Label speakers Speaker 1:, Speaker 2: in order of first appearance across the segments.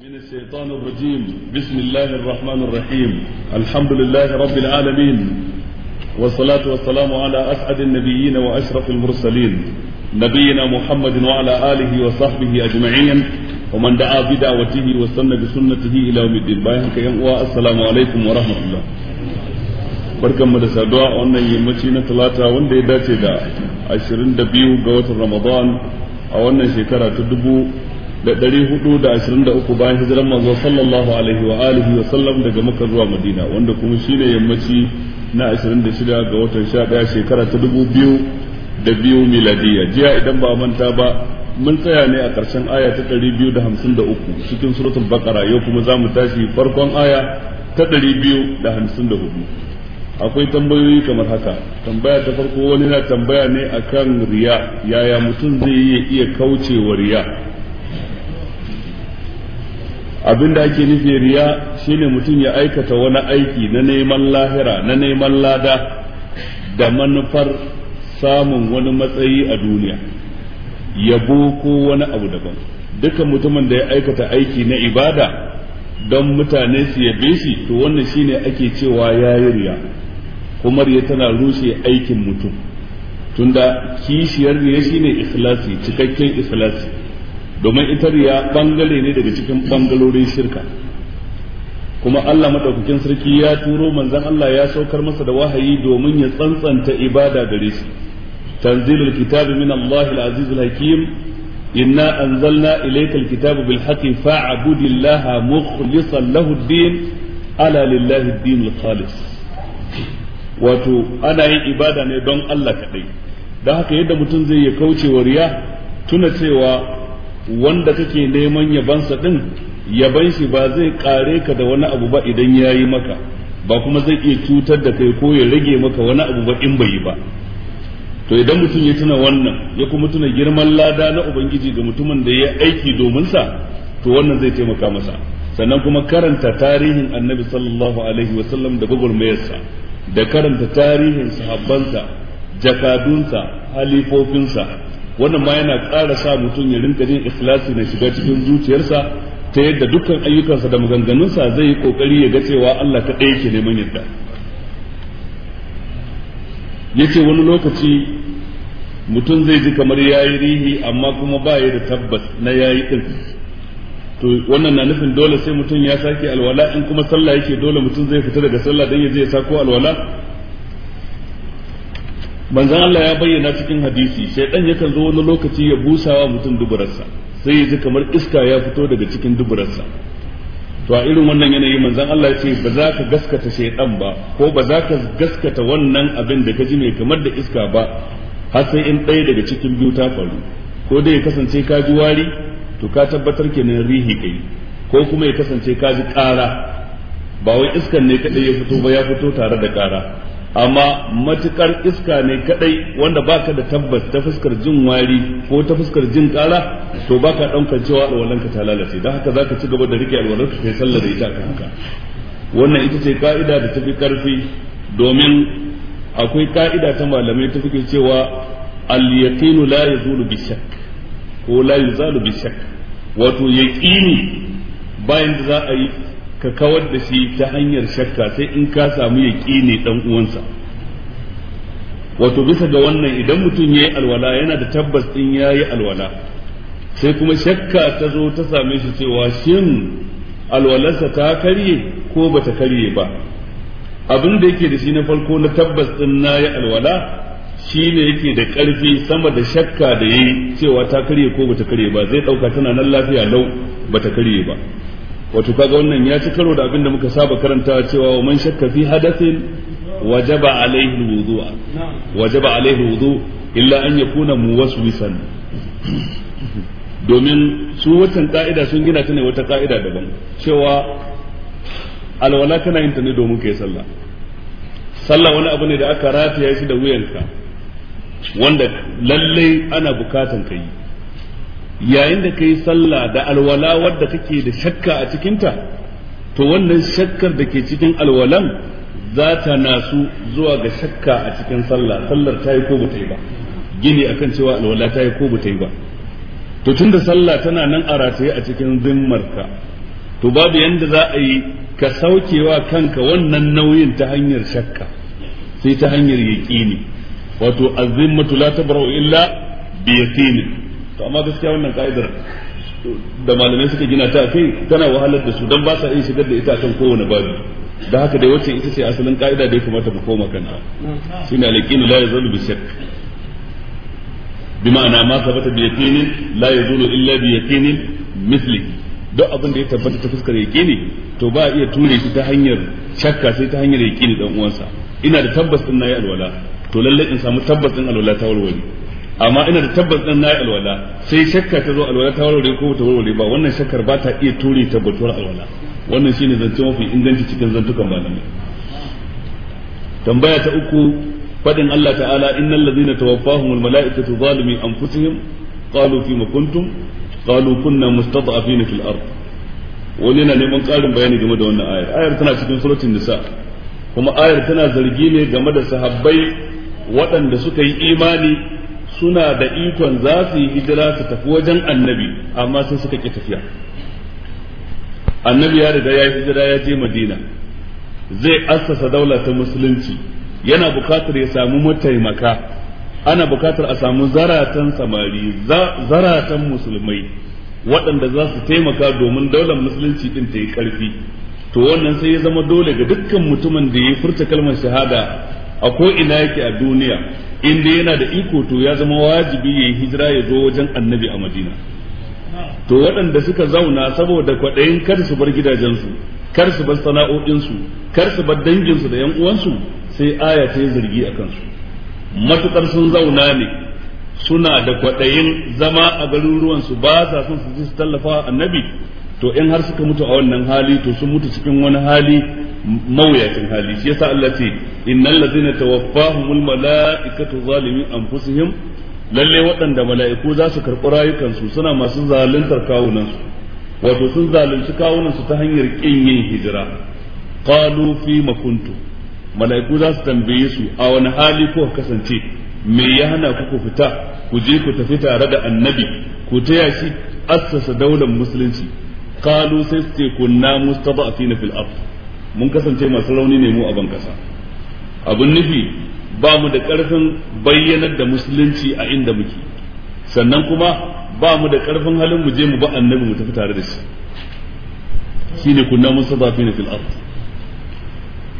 Speaker 1: من الشيطان الرجيم بسم الله الرحمن الرحيم الحمد لله رب العالمين والصلاة والسلام على أسعد النبيين وأشرف المرسلين نبينا محمد وعلى آله وصحبه أجمعين ومن دعا بدعوته واستنى بسنته إلى يوم الدين بايعك السلام عليكم ورحمة الله barkan mu da saduwa a wannan yammaci na talata wanda ya dace da 22 ga watan ramadan a wannan shekara ta da ɗari da ashirin da uku bayan hijiran manzo sallallahu alaihi wa alihi wa sallam daga maka zuwa madina wanda kuma shine yammaci na ashirin da shida ga watan sha ɗaya shekara ta dubu biyu da biyu miladiya jiya idan ba manta ba mun tsaya ne a ƙarshen aya ta ɗari biyu da hamsin da uku cikin suratul baqara yau kuma za mu tashi farkon aya ta ɗari biyu da hamsin da akwai tambayoyi kamar haka tambaya ta farko wani na tambaya ne akan riya yaya mutum zai iya kaucewa riya abin da ake nufi riya shine mutum ya aikata wani aiki na neman lahira na neman lada da manufar samun wani matsayi a duniya yabo ko wani abu daban dukan mutumin da ya aikata aiki na ibada don mutane su yabe shi to wannan shine ake cewa ya yi riya kuma riya tana rushe aikin mutum tunda kishiyar riya shine ikhlasi cikakken ikhlasi domin ita riya bangare ne daga cikin bangarorin shirka kuma Allah madaukakin sarki ya turo manzon Allah ya saukar masa da wahayi domin ya tsantsanta ibada gare shi tanzilul kitabi min Allah al-aziz hakim inna anzalna ilayka al-kitaba bil haqqi fa'budillaha mukhlishan lahu ad-din ala lillahi ad-din al-khalis wato ana yin ibada ne don Allah kadai dan haka yadda mutum zai ya kauce wa riya tuna cewa wanda kake neman yabansa din yaban shi ba zai kare ka da wani abu ba idan ya yi maka ba kuma zai iya cutar da kai ko ya rage maka wani abu ba in bai yi ba to idan mutum ya tuna wannan ya kuma tuna girman lada na ubangiji ga mutumin da ya aiki domin sa to wannan zai taimaka masa sannan kuma karanta tarihin annabi sallallahu alaihi wa sallam da gwagwarmayarsa da karanta tarihin sahabbansa jakadunsa halifofinsa wannan ma yana ƙara sa mutum ya rinka jin ikhlasi na shiga cikin zuciyarsa ta yadda dukkan ayyukansa da maganganunsa zai yi kokari ya ga cewa Allah ta ɗaya ke neman yadda yace wani lokaci mutum zai ji kamar yayi rihi amma kuma ba ya da tabbas na yayi din to wannan na nufin dole sai mutum ya sake alwala in kuma sallah yake dole mutum zai fita daga sallah dan ya je ya sako alwala manzan Allah ya bayyana cikin hadisi sai dan yakan zo wani lokaci ya busawa mutum duburarsa sai ya kamar iska ya fito daga cikin duburarsa to a irin wannan yanayi manzan Allah ya ce ba za ka gaskata shaydan ba ko ba za ka gaskata wannan abin da ka ji mai kamar da iska ba har sai in ɗaya daga cikin biyu ta faru ko dai ya kasance ka ji wari to ka tabbatar kenan rihi kai ko kuma ya kasance ka ji ƙara ba wai iskan ne kadai ya fito ba ya fito tare da ƙara amma matukar iska ne kadai wanda baka da tabbas ta fuskar jin wari ko ta fuskar jin kara to baka daukar cewa alwalanka ta lalace dan haka zaka ci gaba da rike ka sai sallar da ita kanka. wannan ita ce ka'ida da tafi karfi domin akwai ka'ida ta malamai ta fike cewa al-yaqinu la yazulu bi shakk ko la yazalu bi shakk wato yaqini bayan da za a yi ka kawar da shi ta hanyar shakka sai in ka samu ne ɗan uwansa wato bisa ga wannan idan mutum ya yi alwala yana da tabbas din ya yi alwala sai kuma shakka ta zo ta same shi cewa shin alwalarsa ta karye ko ba ta karye ba abin da yake da shi na farko na tabbas din na yi alwala shi ne yake da ƙarfi sama da shakka da ya cewa ta karye ko ba ta karye ba zai ɗauka tana nan lafiya lau ba ta karye ba wato kaga wannan ya ci karo da abin da muka saba karantawa cewa wa man shakka fi hadathin wajaba alaihi wudu'a wajaba alaihi wudu illa an yakuna muwaswisan domin su watan ka'ida sun gina ta ne wata ka'ida daban cewa alwala kana yin ta ne domin kai sallah sallah wani abu ne da aka rataya shi da wuyanka wanda lallai ana bukatan kai. yayin da kai sallah da alwala wadda kake da shakka a cikinta to wannan shakkar da ke cikin alwalan za ta nasu zuwa ga shakka a cikin sallah sallar ta yi ko ba yi ba gini akan cewa alwala ta yi ko ba yi ba to tunda sallah tana nan a rataye a cikin zimmarka to babu yanda za a yi ka saukewa kanka wannan nauyin ta hanyar shakka sai ta hanyar yaƙini wato azimmatu la tabra'u illa bi yaqinin to amma gaskiya wannan ka'idar da malamai suka gina ta kai tana wahalar da su dan ba sa iya shigar da ita kan kowane babu da haka dai wacce ita ce asalin ka'ida da ya kamata mu koma kanta shine al-yaqin la yazalu bi shakk bima'ana ma sabata bi yaqinin la yazulu illa bi yaqinin misli duk abin da ya tabbata ta fuskar yaqini to ba iya ture shi ta hanyar shakka sai ta hanyar yaqini dan uwansa ina da tabbas din nayi alwala to lallai in samu tabbas din alwala ta walwali amma ina da tabbas dan nayi alwala sai shakka ta zo alwala ta warware ko ta warware ba wannan shakkar ba ta iya ture tabbatuwar alwala wannan ne zance mafi inganci cikin zantukan malamai tambaya ta uku fadin Allah ta'ala innal ladzina tawaffahumul mala'ikatu zalimi anfusihim qalu fima kuntum qalu kunna mustad'afina fil ard wani yana neman ƙarin bayani game da wannan ayar ayar tana cikin suratul nisa kuma ayar tana zargi ne game da sahabbai waɗanda suka yi imani suna da ikon za su yi hijira su tafi wajen annabi amma sai suka ƙi tafiya annabi ya riga ya yi hijira ya je madina zai assasa daula ta musulunci yana buƙatar ya samu mataimaka ana buƙatar a samu zaratan samari zaratan musulmai waɗanda za su taimaka domin daular musulunci ɗin ta yi ƙarfi to wannan sai ya zama dole ga dukkan mutumin da ya furta kalmar shahada a ko ina yake a duniya inda yana da iko to ya zama wajibi ya yi hijira ya zo wajen annabi a madina to waɗanda suka zauna saboda kwaɗayin kar su bar gidajensu kar su bar sana'o'insu kar su bar danginsu da yan uwansu sai aya ta yi zargi a kansu Matuƙar sun zauna ne suna da kwaɗayin zama a garuruwansu ba sa son su ji su tallafa annabi to in har suka mutu a wannan hali to sun mutu cikin wani hali mawuyacin hali shi yasa Allah ce innal ladzina tawaffahumul malaikatu zalimi anfusihim lalle waɗanda mala'iku za su karɓi rayukansu suna masu zaluntar kawunansu wato sun zalunci kawunansu ta hanyar ƙin yin hijira qalu fi makuntu mala'iku za su tambaye su a wani hali ko kasance me ya hana ku ku fita ku je ku tafi tare da annabi ku taya shi assasa daular musulunci qalu sai su ce kunna mustada'afina fil ardh mun kasance masu rauni ne mu a ban kasa abin nufi ba mu da ƙarfin bayyanar da musulunci a inda muke sannan kuma ba mu da ƙarfin halin mu je mu ba annabi mu tafi tare da shi shine kunna musabafina fil ard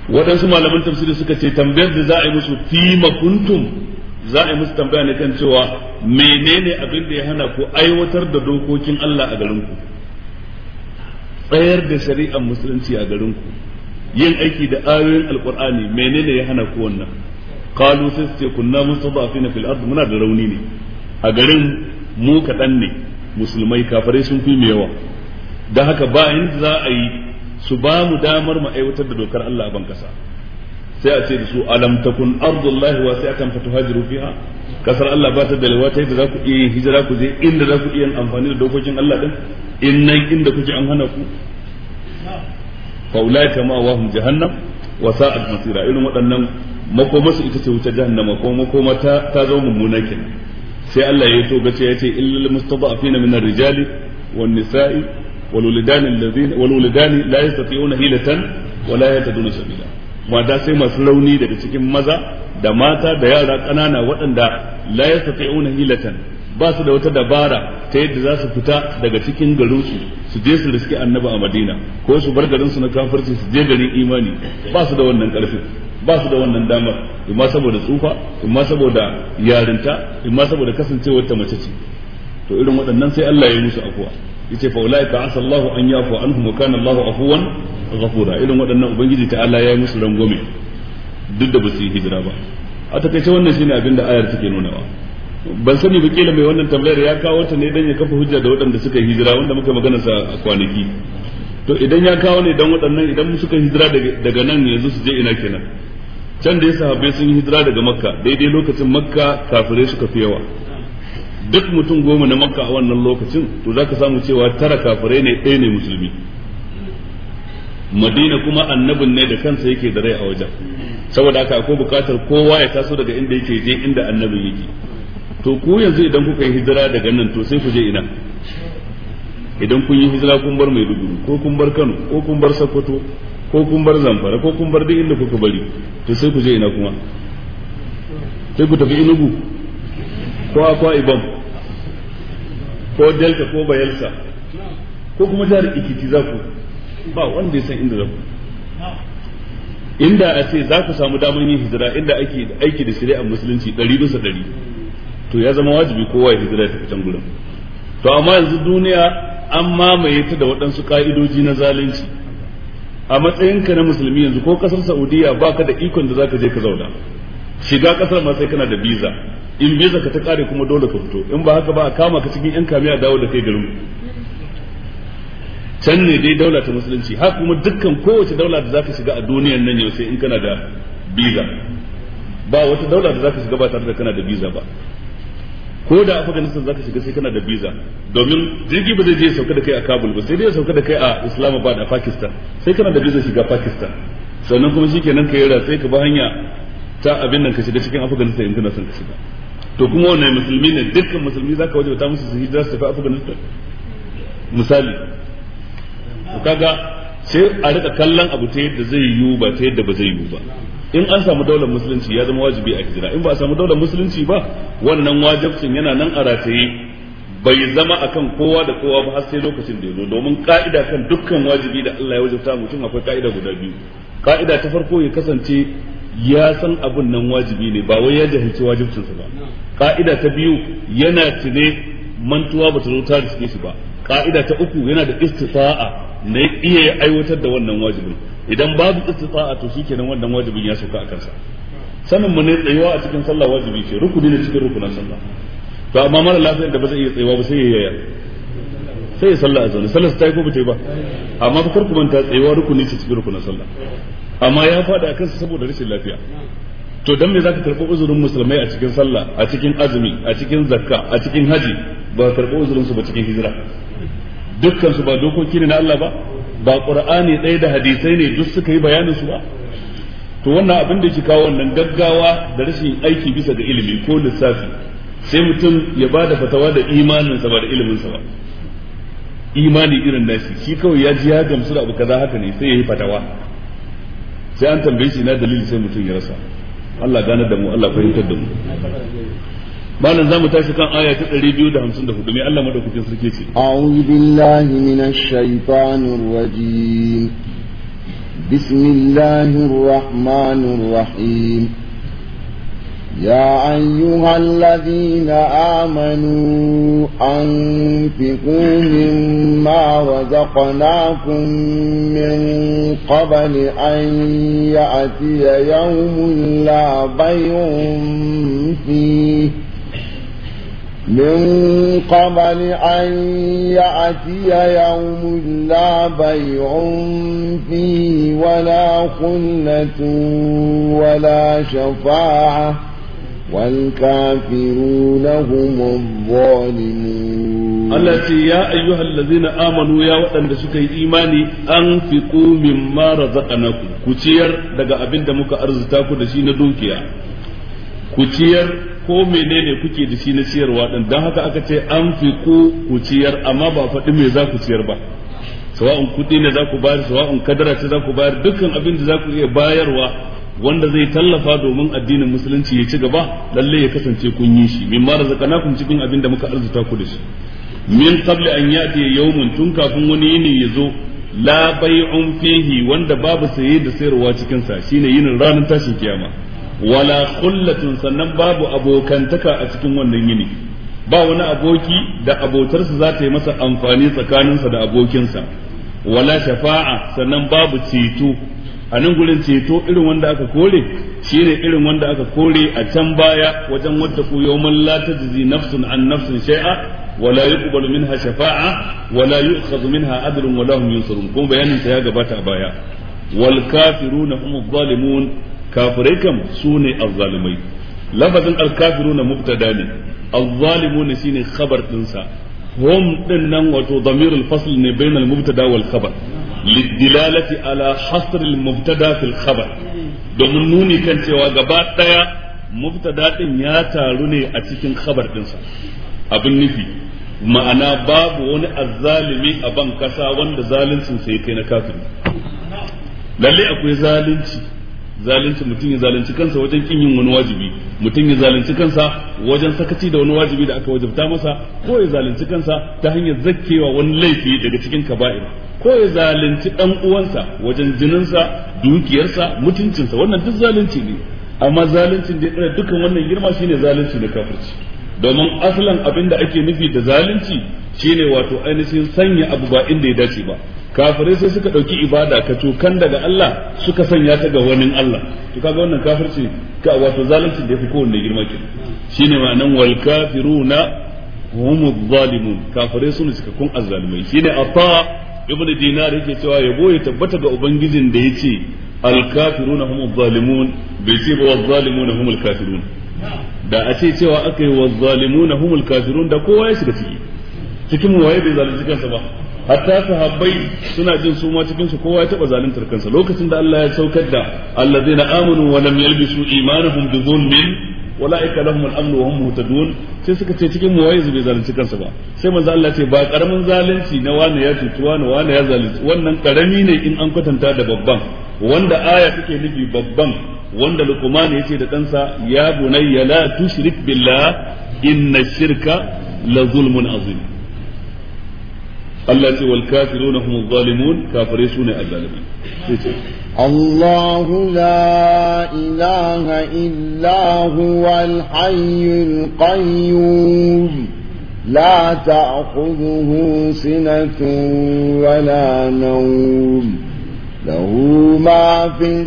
Speaker 1: waɗansu malaman tafsiri suka ce tambayar da za a yi musu fi kuntum za a yi musu tambaya ne kan cewa menene abin da ya hana ku aiwatar da dokokin Allah a garinku tsayar da shari'ar musulunci a garinku yin aiki da ayoyin alkur'ani menene ya hana ku wannan qalu sai ce kunna mustadafina fil ard muna da rauni ne a garin mu kaɗan ne musulmai kafirai sun fi mu yawa da haka ba inda za a yi su ba mu damar mu aiwatar da dokar Allah ban kasa sai a ce da su alam takun ardullahi wasi'atan fatuhajiru fiha kasar Allah ba ta da lewata da za ku iya yin hijira ku je inda za ku iya amfani da dokokin Allah din in nan inda kuke an hana ku fa ulaika ma wahum jahannam wa sa'at masira irin waɗannan makoma su ita ce wuta jahannama ko makoma ta ta zama mummuna kenan sai Allah ya to gace yace illal mustada'afina min ar-rijali wan nisa'i wal wulidani alladhina wal wulidani la yastati'una hilatan wa la yataduna sabila mata sai masu rauni daga cikin maza da mata da yara ƙanana waɗanda la yastati'una hilatan ba su da wata dabara ta yadda za su fita daga cikin garinsu su je su riske annaba a madina ko su bar garin su na kafirci su je garin imani ba su da wannan karfin ba su da wannan damar imma saboda tsufa imma saboda yarinta imma saboda kasancewar ta mace ce to irin waɗannan sai Allah ya musu afuwa yace fa ulai ka asallahu an yafu anhum wa kana Allahu afuwan ghafura irin waɗannan ubangiji ta Allah ya yi musu rangwame duk da ba su yi hijira ba a takaice wannan shine abinda ayar take nunawa ban sani ba kila mai wannan tambayar ya kawo ta ne dan ya kafa hujja da waɗanda suka hijira wanda muka magana sa a kwanaki to idan ya kawo ne dan waɗannan idan suka hijira daga nan yanzu su je ina kenan can da ya sahabbai sun hijira daga makka daidai lokacin makka kafirai suka fi yawa duk mutum goma na makka a wannan lokacin to zaka samu cewa tara kafirai ne ɗaya ne musulmi madina kuma annabin ne da kansa yake da rai a wajen saboda haka akwai bukatar kowa ya taso daga inda yake je inda annabin yake to ku yanzu idan kuka yi hijira daga nan to sai ku je ina idan kun yi hijira kun bar Maiduguri ko kun bar Kano ko kun bar Sokoto ko kun bar Zamfara ko kun bar duk inda kuka bari to sai ku je ina kuma sai ku tafi Enugu ko Akwa Ibom ko Delta ko Bayelsa ko kuma jihar Ikiti za ku ba wanda ya san inda za ku inda a ce za ku samu damar yin hijira inda ake aiki da shari'ar musulunci ɗari bisa ɗari to ya zama wajibi kowa ya hijira ta can gurin to amma yanzu duniya an mamaye ta da waɗansu ka'idoji na zalunci a matsayinka na musulmi yanzu ko kasar saudiya ka da ikon da za ka je ka zauna shiga kasar ma sai kana da biza in biza ka ta kare kuma dole ka fito in ba haka ba a kama ka cikin yan kamiya dawo da kai garin can ne dai daula ta musulunci har kuma dukkan kowace daula da za ka shiga a duniyan nan yau sai in kana da biza ba wata daula da za ka shiga ba tare da kana da biza ba ko da afganistan zaka shiga sai kana da visa domin jirgi ba zai je sauka da kai a kabul ba sai dai sauka da kai a islamabad a pakistan sai kana da visa shiga pakistan sannan kuma shikenan ka yi sai ka ba hanya ta abin nan ka shiga cikin afganistan in kana son ka shiga to kuma wannan musulmi ne dukkan musulmi zaka ta musu su hijira su tafi afganistan misali kaga sai a rika kallon abu ta yadda zai yiwu ba ta yadda ba zai yiwu ba in an samu daular musulunci ya zama wajibi a hijira in ba a samu daular musulunci ba wannan wajibcin yana nan a rataye bai zama a kan kowa da kowa ba har sai lokacin da ya zo domin ka'ida kan dukkan wajibi da Allah ya wajabta mutum akwai ka'ida guda biyu ka'ida ta farko ya kasance ya san abun nan wajibi ne ba wai ya jahilci sa ba ka'ida ta biyu yana tune mantuwa ba ta zo ta riske shi ba ka'ida ta uku yana da istifa'a na iya aiwatar da wannan wajibin idan babu istita'a to shikenan wannan wajibin ya sauka a kansa sanin mu ne tsayuwa a cikin sallah wajibi ce rukuni ne cikin rukunan sallah to amma mara lafiyar da ba zai iya tsayuwa ba sai ya yaya sai ya sallah a zaune sallah ta yi ko ba ta yi ba amma ba karku manta tsayuwa rukuni ce cikin rukunan sallah amma ya fada kansa saboda rashin lafiya to dan me zaka karbi uzurin musulmai a cikin sallah a cikin azumi a cikin zakka a cikin haji ba karbi uzurin su ba cikin hijira dukkan su ba dokoki ne na Allah ba ba qur'ani ɗaya da hadisai ne duk suka yi bayanin su ba to wannan abin da ke kawo wannan gaggawa da rashin aiki bisa ga ilimi ko lissafi sai mutum ya ba da fatawa da imaninsa ba da iliminsa ba imani irin nashi shi kawai ya ji ya gamsu da abu kaza haka ne sai ya yi fatawa sai an tambaye shi na dalili sai mutum ya rasa Allah gane da mu Allah fahimtar da mu malam zamu tashi kan aya ta 254 me Allah madaukakin sarki ce a'udhu billahi minash shaitanir
Speaker 2: rajim bismillahir rahmanir rahim يا أيها الذين آمنوا أنفقوا مما رزقناكم من قبل أن يأتي يوم لا بيع فيه من قبل أن يأتي يوم لا بيع فيه ولا خلة ولا شفاعة والكافرون هم
Speaker 1: الظالمون التي يا أيها الذين آمنوا يا وطن سكي إيماني أنفقوا مما رزقناكم كتير دقا أبن دمك أرزتاكم لشين دوكيا كتير ko menene kuke da shi na ciyarwa din dan haka aka ce an fi ku ku ciyar amma ba faɗi me za ku ciyar ba sawa'un kuɗi ne za ku bayar sawa'un kadara ce za ku bayar dukkan abin da za ku iya bayarwa wanda zai tallafa domin addinin musulunci ya ci gaba lalle ya kasance kun yi shi mimma razaqnakum cikin abin da muka arzuta ku da shi min qabli an yati yawmun tun kafin wani yini ya zo la bay'un fihi wanda babu saye da sayarwa cikin sa shine yinin ranar tashin kiyama wala kullatin sannan babu abokantaka a cikin wannan yini ba wani aboki da abotarsa za ta yi masa amfani tsakaninsa da abokinsa wala shafa'a sannan babu ceto a nan gurin ceto irin wanda aka kore shi ne irin wanda aka kore a can baya wajen wadda ku yawman la tajzi nafsun an nafsun shai'a wala yuqbalu minha shafa'a wala yu'khadhu minha adlun wala hum yunsarun kuma bayanin sa ya gabata a baya wal kafiruna hum adh kafirai kam su ne azzalimai lafazin na mubtada ne ne shine khabar dinsa hum din nan wato damirul fasl ne bainal mubtada wal khabar lidilalati ala hasr al mubtada fil khabar domin nuni kan cewa gaba daya mubtada din ya taru ne a cikin khabar dinsa abin nufi ma'ana babu wani azzalimi a ban kasa wanda zalincin sai kai na kafiri lalle akwai zalunci zalunci mutum ya zalunci kansa wajen kin yin wani wajibi mutum ya zalunci kansa wajen sakaci da wani wajibi da aka wajabta masa ko ya zalunci kansa ta hanyar zakkewa wani laifi daga cikin kaba'ir ko ya zalunci dan uwansa wajen jininsa dukiyarsa mutuncinsa wannan duk zalunci ne amma zaluncin da ya dukkan wannan girma shine zalunci na kafirci domin asalin abin da ake nufi da zalunci shine wato ainihin sanya abu ba inda ya dace ba kafirai sai suka ɗauki ibada ka cokan daga Allah suka sanya ta ga wani Allah to kaga wannan kafirci ka wato zalunci da yafi kowanne girma ke shine ma'anan wal kafiruna hum zalimun kafirai sune cikakkun azzalimai shine ata ibnu dinar yake cewa yabo ya tabbata ga ubangijin da yace al kafiruna hum zalimun bai ce ba wal zalimuna hum al kafirun da a ce cewa aka yi wal zalimuna hum al kafirun da kowa ya shiga ciki cikin waye bai zalunci kansa ba hatta sahabbai suna jin suma ma cikin su kowa ya taba zaluntar kansa lokacin da Allah ya saukar da allazina amanu wa lam yalbisu imanuhum bi dhulmin ulaika lahum al-amn wa hum muhtadun sai suka ce cikin mu bai zalunci kansa ba sai manzo Allah ce ba karamin zalunci na wani ya tutu wani wani ya zalunci wannan karami ne in an kwatanta da babban wanda aya take nufi babban wanda Luqman ce da ɗansa ya bunayya la tushrik billah inna shirka la zulmun azim Allah ce wal kafiruna hum zalimun kafare su ne azzalimi
Speaker 2: Allahu la ilaha illa huwa al hayyul qayyum la ta'khudhuhu sinatun wa la nawm له ما في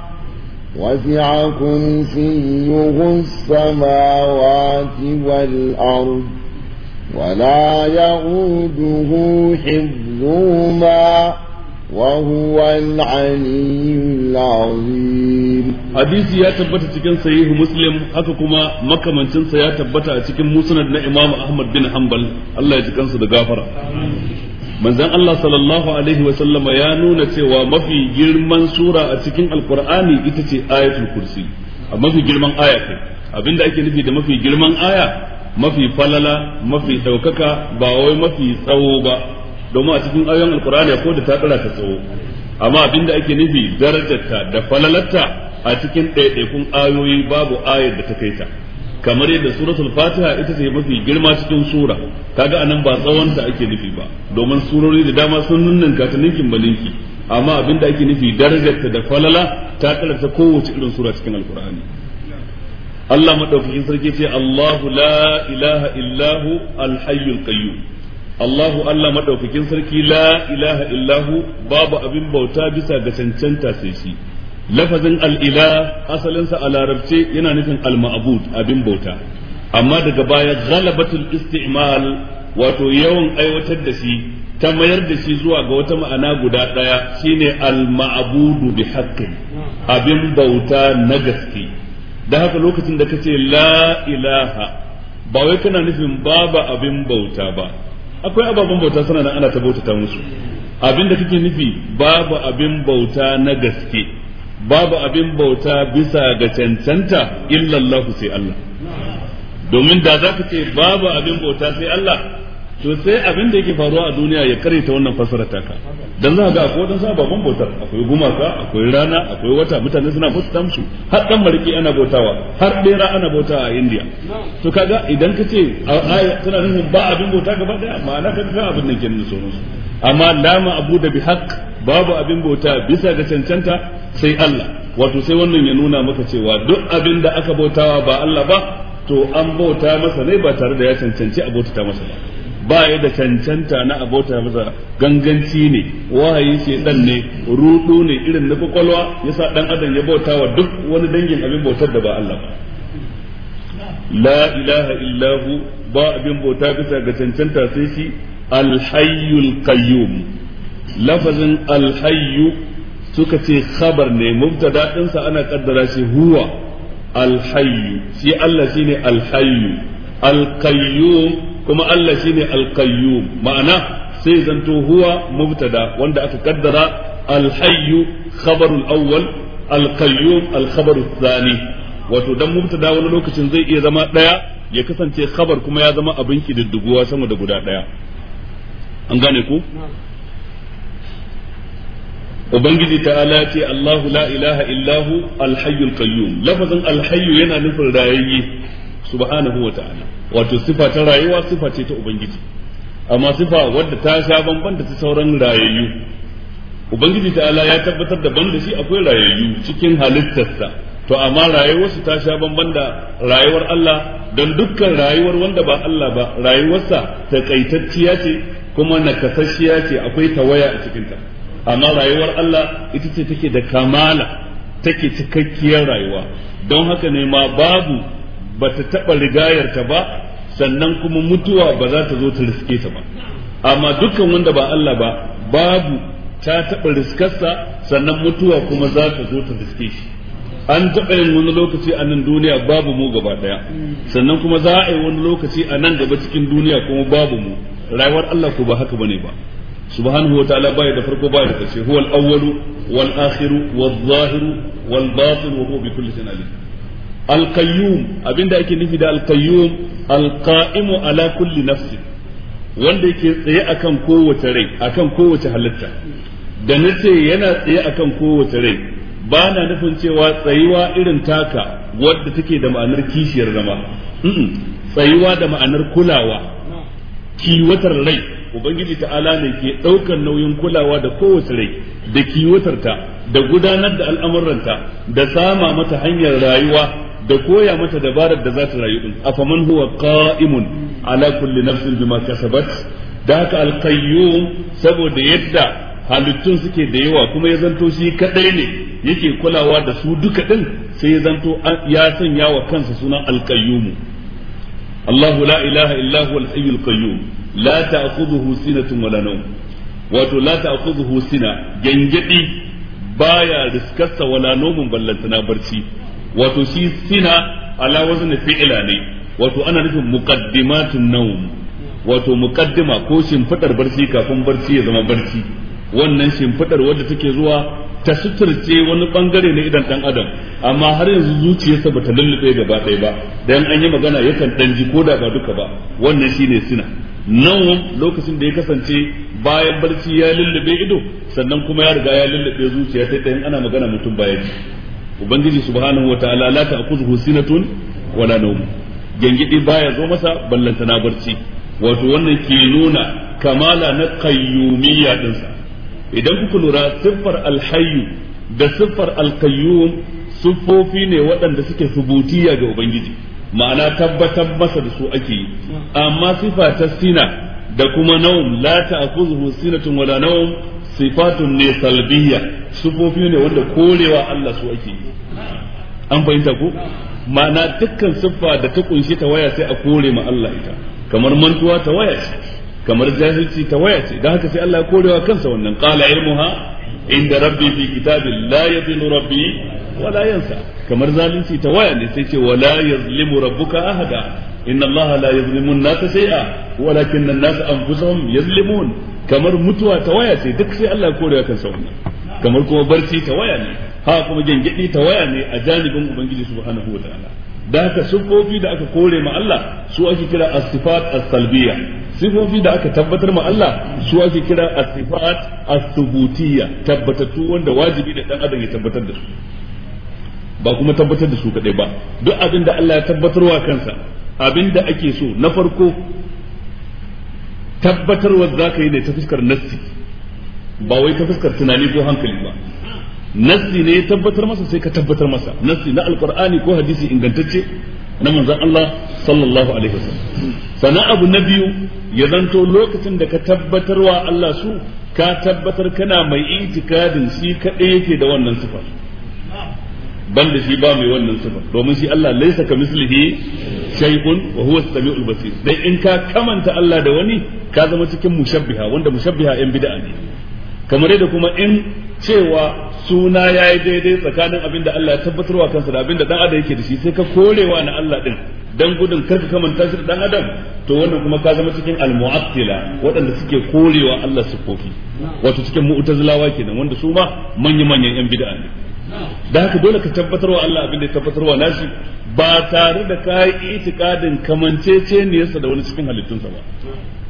Speaker 2: وسع كرسيه السماوات والأرض ولا يعوده حفظهما
Speaker 1: وهو العلي العظيم حديث يا تبت cikin sahih muslim haka kuma makamancinsa ya tabbata a cikin musnad na imam ahmad bin hambal Allah ya ji kansa da gafara manzon Allah sallallahu alaihi wa sallama ya nuna cewa mafi girman sura a cikin alqur'ani ita ce ayatul kursi mafi girman aya kai abinda ake nufi da mafi girman aya mafi falala mafi daukaka ba wai mafi tsawo ba domin a cikin ayoyin alqur'ani ko da ta tsara ta tsawo amma abinda ake nufi darajarta da falalarta a cikin ɗaiɗaikun ayoyi babu ayar da ta kai ta kamar yadda suratul fatiha ita ce mafi girma cikin sura kaga anan ba tsawonta ake nufi ba domin surori da dama sun nunnunka ta ninkin ninki. amma abin da ake nufi darajarta da falala ta karata kowace irin sura cikin alkur'ani Allah madaukakin sarki ce Allahu la ilaha illahu alhayyul qayyum Allahu Allah madaukakin sarki la ilaha illahu babu abin bauta bisa ga cancanta sai shi lafazin al'ila asalinsa a larabce yana nufin al-ma'bud abin bauta amma daga baya ghalabatul isti'mal wato yawan aiwatar da shi ta mayar da shi zuwa ga wata ma'ana guda ɗaya shine al-ma'budu bi haqqin abin bauta na gaske da haka lokacin da kace la ilaha ba wai kana nufin babu abin bauta ba akwai ababen bauta suna nan ana ta ta musu abin da kake nufi babu abin bauta na gaske babu abin bauta bisa ga cancanta illallah sai Allah domin da za ka ce babu abin bauta sai Allah to sai abin da yake faruwa a duniya ya ta wannan fassara taka dan za ga akwai wadansu babban bautar akwai gumaka akwai rana akwai wata mutane suna bauta musu har dan mariki ana bautawa har bera ana bautawa a India to kaga idan ka ce tana nufin ba abin bauta gaba daya ma'ana kaga abin da ke nuna sauransu amma lama abu da bihaq babu abin bauta bisa ga cancanta sai Allah wato sai wannan ya nuna maka cewa duk abin da aka bautawa ba Allah ba to an bauta masa ne ba tare da ya cancanci a bautata masa ba ba ya da cancanta na abota masa ganganci ne wahayi dan ne rudu ne irin na kwakwalwa yasa dan adam ya bauta wa duk wani dangin abin bautar da ba Allah ba la ilaha illahu ba abin bauta bisa ga cancanta sai shi alhayyul qayyum lafazin alhayyu suka ce kabar ne Muftada ɗinsa ana kaddara shi huwa alhayyu shi Allah shine alhayyu alqayyum kuma Allah shine alqayyum ma'ana sai zanto huwa mubtada wanda aka kaddara alhayyu kabarul awwal alqayyum alkhabarul thani wato dan mubtada wani lokacin zai iya zama ɗaya ya kasance kabar kuma ya zama abin kididdiguwa sama da guda ɗaya. an gane ku ubangiji ta'ala ce Allahu la ilaha illahu alhayyul qayyum lafazin alhayyu yana nufin rayayye subhanahu wa ta'ala wato sifa ta rayuwa sifa ce ta ubangiji amma sifa wadda ta sha bamban da sauran rayayyu ubangiji ta'ala ya tabbatar da banda shi akwai rayayyu cikin halittarsa to amma rayuwarsu ta sha bamban da rayuwar Allah don dukkan rayuwar wanda ba Allah ba rayuwarsa takaitacciya ce kuma nakasasshiya ce akwai tawaya a cikinta amma rayuwar Allah ita ce take da kamala take cikakkiyar rayuwa don haka ne ma babu ba ta taɓa ta ba sannan kuma mutuwa ba za ta zo ta riske ta ba amma dukkan wanda ba Allah ba babu ta taɓa riskarsa sannan mutuwa kuma za ta zo ta riske shi an taɓa yin wani lokaci a nan duniya babu mu gaba ɗaya sannan kuma za a yi wani lokaci a nan gaba cikin duniya kuma babu mu rayuwar Allah ko ba haka bane ba subhanahu wa ta'ala baya da farko baya da kace huwal awwalu wal akhiru wal zahiru wal batin wa huwa bi kulli shay'in alim al qayyum abinda ake nufi da al qayyum al qa'imu ala kulli nafsin wanda yake tsaye akan kowace rai akan kowace halitta da nace yana tsaye akan kowace rai ba na nufin cewa tsayuwa irin taka wadda take da ma'anar kishiyar zama tsayuwa da ma'anar kulawa kiwatar rai ubangiji ta'ala ne ke daukar nauyin kulawa da kowace rai da kiwatar ta da gudanar da al'amuranta da sama mata hanyar rayuwa da koya mata dabarar da za ta rayu din afaman huwa qa'imun ala kulli nafsin bima kasabat da haka alqayyum saboda yadda halittun suke da yawa kuma ya zanto shi kadai ne yake kulawa da su duka din sai ya zanto ya sanya wa kansa sunan alqayyumu Allahu la ilaha illa huwa al-hayyul qayyum la ta'khudhuhu sinatun wala nawm wato la ta'khudhuhu sina gangadi baya riskarsa wala nawmun ballantana barci wato shi sina ala wazn fi'la ne wato ana nufin muqaddimatun nawm wato muqaddima ko shimfidar barci kafin barci ya zama barci wannan shimfidar wadda take zuwa ta suturce wani bangare na idan dan adam amma har yanzu zuciyarsa ba ta lullube gaba ɗaya ba dan an yi magana yakan dan ji koda ba duka ba wannan shine suna. nan lokacin da ya kasance bayan barci ya lullube ido sannan kuma ya riga ya lullube zuciya sai dan ana magana mutum baya ji ubangiji subhanahu wataala la ta'khudhuhu sinatun wala nawm gengidi baya zo masa ballanta na barci wato wannan ke nuna kamala na qayyumiyya dinsa idan kuka lura siffar alhayyu da siffar alkayyum siffofi ne waɗanda suke subutiya ga ubangiji ma'ana tabbatar masa da su ake yi amma sifa ta sina da kuma nawm la ta'khudhuhu sinatun wala nawm sifatun ne sifofi ne wanda korewa Allah su ake yi an fahimta ko ma'ana dukkan siffa da ta kunshi ta waya sai a kore ma Allah ita kamar mantuwa ta waya kamar jahilci ta waya ce dan haka sai Allah ya korewa kansa wannan qala ilmuha inda rabbi fi kitabin la yadhillu rabbi wala yansa kamar zalunci ta waya ne sai ce wala yazlimu rabbuka ahada inna allaha la yuzlimu an-nasa shay'a walakin an-nasa anfusuhum yuzlimun kamar mutuwa ta waya ce duk sai Allah ya korewa kansa wannan kamar kuma barci ta waya ne ha kuma gengedi ta waya ne a janibin ubangiji subhanahu wa ta'ala da haka sufofi da aka kore ma Allah su ake kira as-sifat as-salbiyya sifofi da aka tabbatar ma Allah su ake kira as-sifat as-subutiyya tabbatattu wanda wajibi da dan adam ya tabbatar da su ba kuma tabbatar da su kadai ba duk abin da Allah ya wa kansa abin da ake so na farko tabbatarwa zaka yi ne ta fuskar nassi ba wai ta fuskar tunani ko hankali ba nassi ne ya tabbatar masa sai ka tabbatar masa nassi na alkur'ani ko hadisi ingantacce na manzon Allah sallallahu alaihi
Speaker 3: wasallam
Speaker 1: sannan abu na biyu ya zanto lokacin da ka tabbatarwa Allah su ka tabbatar kana mai itikadin shi kaɗai yake da wannan sifar ban da shi ba mai wannan sifar domin shi Allah laisa ka mislihi shay'un wa huwa as-sami'ul basir dai in ka kamanta Allah da wani ka zama cikin mushabbiha wanda mushabbiha yan bid'a ne kamar yadda kuma in cewa suna ya yi daidai tsakanin abin da Allah ya tabbatarwa kansa da abin da dan adam yake da shi sai ka korewa na Allah din dan gudun karka kamanta shi da dan adam to wannan kuma ka zama cikin almu'attila waɗanda suke korewa Allah su kofi wato cikin mu'tazilawa kenan wanda su ma manya manyan yan bid'a ne da haka dole ka tabbatarwa Allah abin da ya tabbatarwa nashi ba tare da ka yi itikadin kamanceceniyarsa da wani cikin halittunsa ba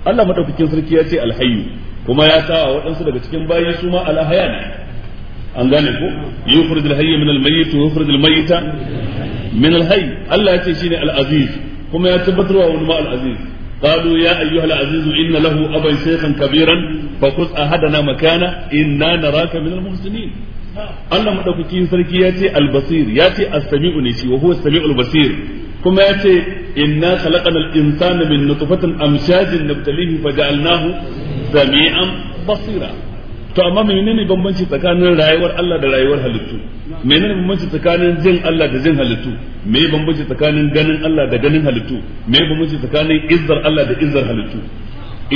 Speaker 1: Allah madaukakin sarki ya ce alhayyu kuma ya sa waɗansu daga cikin bayan su ma alhaya ne an gane ku yukhrij al-hayy min al-mayyit wa yukhrij al-mayyita min al-hayy Allah yace shine al-aziz kuma ya tabbatar wa wani ma al-aziz قالوا يا أيها العزيز إن له أبا شيخا كبيرا فخذ أحدنا مكانه إنا نراك من المحسنين Allah madaukakin sarki ya ce albasir ya ce as-sami'u ne shi wa huwa as-sami'ul basir kuma ya ce inna khalaqana al-insana min nutfatin amshajin nabtalihi faja'alnahu sami'an basira to amma menene bambanci tsakanin rayuwar Allah da rayuwar halittu menene bambanci tsakanin jin Allah da jin halittu me bambanci tsakanin ganin Allah da ganin halittu me bambanci tsakanin izzar Allah da izzar halittu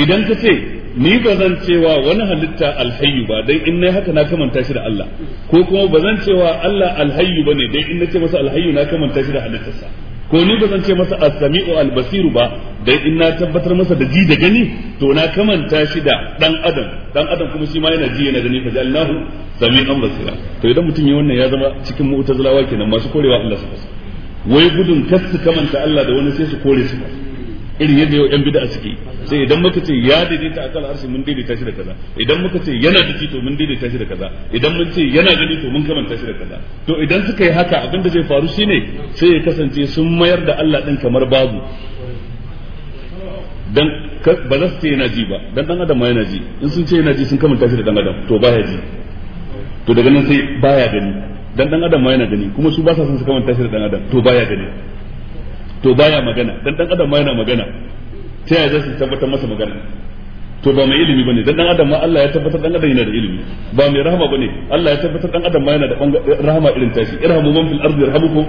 Speaker 1: idan ka ce ni ba zan cewa wani halitta alhayyu ba dai in nayi haka na kamanta shi da Allah ko kuma ba zan cewa Allah alhayyu bane dai in nace masa alhayyu na kamanta shi da halittarsa ko ni ba zan ce masa as-sami'u al-basiru ba dai in na tabbatar masa da ji da gani to na kamanta shi da dan adam dan adam kuma shi ma yana ji yana gani fa Allahu sami'an basira to idan mutum ya wannan ya zama cikin mu'tazilawa kenan masu korewa Allah su wai gudun kar su kamanta Allah da wani sai su kore su irin yadda yau yan bid'a suke sai idan muka ce ya daidaita akal arshi mun daidaita shi da kaza idan muka ce yana da to mun daidaita shi da kaza idan mun ce yana gani to mun kamanta shi da kaza to idan suka yi haka abin da zai faru shine sai ya kasance sun mayar da Allah din kamar babu dan ba za su ce yana ji ba dan dan adam ma yana ji in sun ce yana ji sun kamanta shi da dan adam to baya ji to daga nan sai baya gani dan dan adam ma yana gani kuma su ba sa son su kamanta shi da dan adam to baya gani to baya magana dan dan adam ma yana magana ta yaya za su tabbatar masa magana to ba mai ilimi bane dan dan adam ma Allah ya tabbatar dan adam yana da ilimi ba mai rahama bane Allah ya tabbatar dan adam ma yana da rahama irin tashi irhamu man fil ardi yarhamukum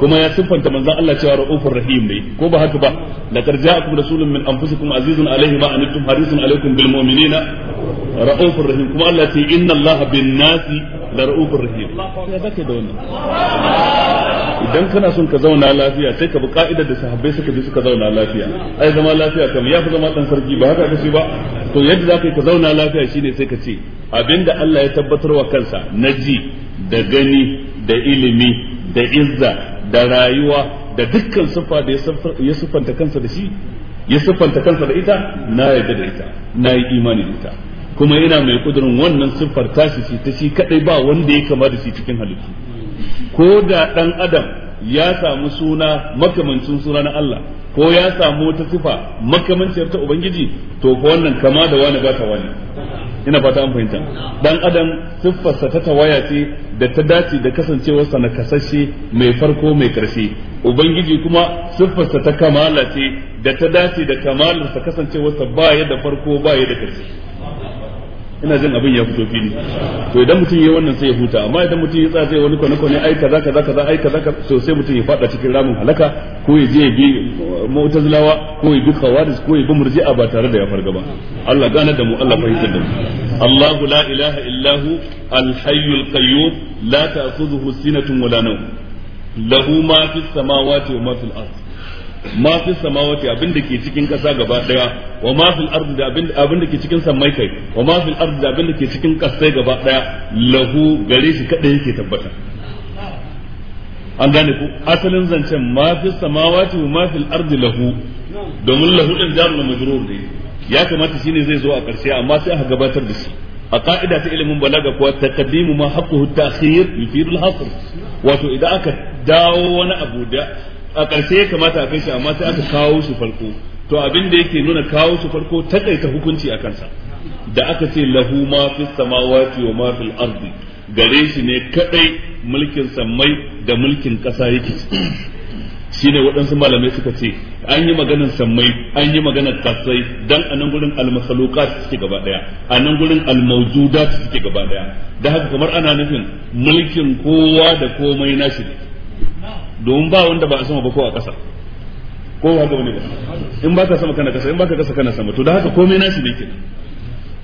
Speaker 1: kuma ya siffanta manzon Allah cewa raufur rahim ne ko ba haka ba laqad ja'akum rasulun min anfusikum azizun alayhi ma anittum harisun alaykum bil mu'minina raufur rahim kuma Allah ya ce inna Allah bin nasi la raufur rahim
Speaker 3: ya zaka da wannan
Speaker 1: idan kana son ka zauna lafiya sai ka bi ka'idar da sahabbai suka bi suka zauna lafiya ai zama lafiya kam ya fi zama dan sarki ba haka kace ba to yadda za ka yi ka zauna lafiya shine sai ka ce abinda Allah ya tabbatar wa kansa na ji da gani da ilimi da izza da rayuwa da dukkan siffa da ya siffanta kansa da shi ya siffanta kansa da ita na yadda da ita na yi imani da ita kuma yana mai kudurin wannan siffar tashi shi ta shi kadai ba wanda ya kama da shi cikin halittu ko da ɗan adam ya samu suna makamancin suna na Allah ko ya samu wata sifa makamanciyar ta ubangiji to ko wannan kama da wani ba ta wani ina fata an fahimta dan adam siffarsa ta tawaya ce da ta dace da kasancewarsa na kasashe mai farko mai karshe ubangiji kuma siffarsa ta kamala ce da ta dace da kamalarsa kasancewarsa ba ya da farko ba ya da karshe ina jin abin ya fito fili to idan mutum ya wannan sai ya huta amma idan mutum ya tsaya wani kone kone ai kaza kaza kaza ai kaza to sai mutum ya fada cikin ramin halaka ko ya je bi mu'tazilawa ko ya bi khawarij ko ya bi murji'a ba tare da ya farga ba Allah gane da mu Allah fahimtar da mu Allahu la ilaha illa hu al-hayyul qayyum la ta'khudhuhu sinatun wala nawm lahu ma fis samawati wa ma fil ardh ma fi samawati abin da ke cikin ƙasa gaba ɗaya wa ma fil ardi da abin da ke cikin samai kai wa ma fil ardi da abin da ke cikin ƙasai gaba ɗaya lahu gare shi kadai yake tabbata an gane ku asalin zancen ma fi samawati wa ma fil ardi lahu
Speaker 3: domin lahu din
Speaker 1: na majrur ne ya kamata shine zai zo a ƙarshe amma sai aka gabatar da shi a ka'ida ta ilimin balaga kuwa taqdimu ma haqquhu ta'khir yufidu al-hasr wato idan aka dawo wani abu da a ƙarshe ya kamata a kai shi amma sai aka kawo shi farko to abin da yake nuna kawo shi farko takaita hukunci a kansa da aka ce lahu ma fi samawati wa ma fil ardi gare shi ne kadai mulkin sammai da mulkin ƙasa yake shine waɗansu malamai suka ce an yi maganar sammai an yi maganar kasai dan a nan gurin almakhluqat suke gaba daya a nan gurin almawjudat suke gaba daya da haka kamar ana nufin mulkin kowa da komai nashi ne domin ba wanda ba a sama ba ko a ƙasa ko gaba ne ba in ba ka sama kana ƙasa in ba ka ƙasa kana sama to da haka komai nasi ne kenan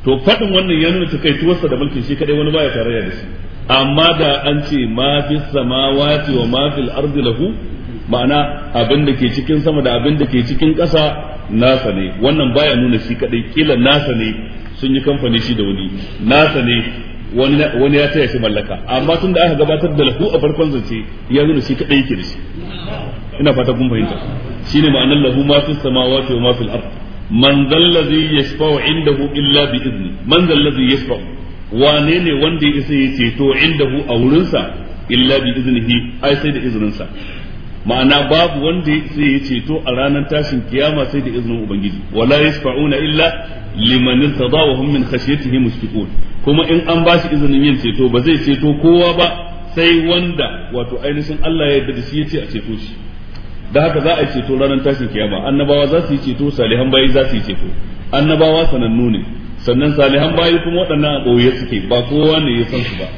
Speaker 1: to faɗin wannan ya nuna takaituwarsa da mulkin shi kadai wani baya tarayya da shi amma da an ce ma fi samawati wa ma fil ardi lahu ma'ana abin da ke cikin sama da abin da ke cikin ƙasa nasa ne wannan baya nuna shi kadai kila nasa ne sun yi kamfani shi da wani nasa ne wani ya taya shi mallaka amma tun da aka gabatar da lahu a farkon zance ya nuna shi kadai yake da shi ina fata kun fahimta shine ma'anar lahu ma fis samawati wa ma fil ard man zal ladhi yashfa'u indahu illa bi izni man zal ladhi yashfa'u wane ne wanda ya isa ya ceto indahu a wurinsa illa bi iznihi ai sai da izininsa ma'ana babu wanda zai yi ceto a ranar tashin kiyama sai da izinin ubangiji wala yasfa'una illa liman irtada wa hum min khashyatihi mushfiqun kuma in an ba shi izinin yin ceto ba zai ceto kowa ba sai wanda wato ainihin Allah ya yarda da shi yace a ceto shi da haka za a yi ceto ranar tashin kiyama annabawa za su yi ceto salihan bayi za su yi ceto annabawa sanannu ne sannan salihan bayi kuma waɗannan a ɓoye suke ba kowa ne ya san su ba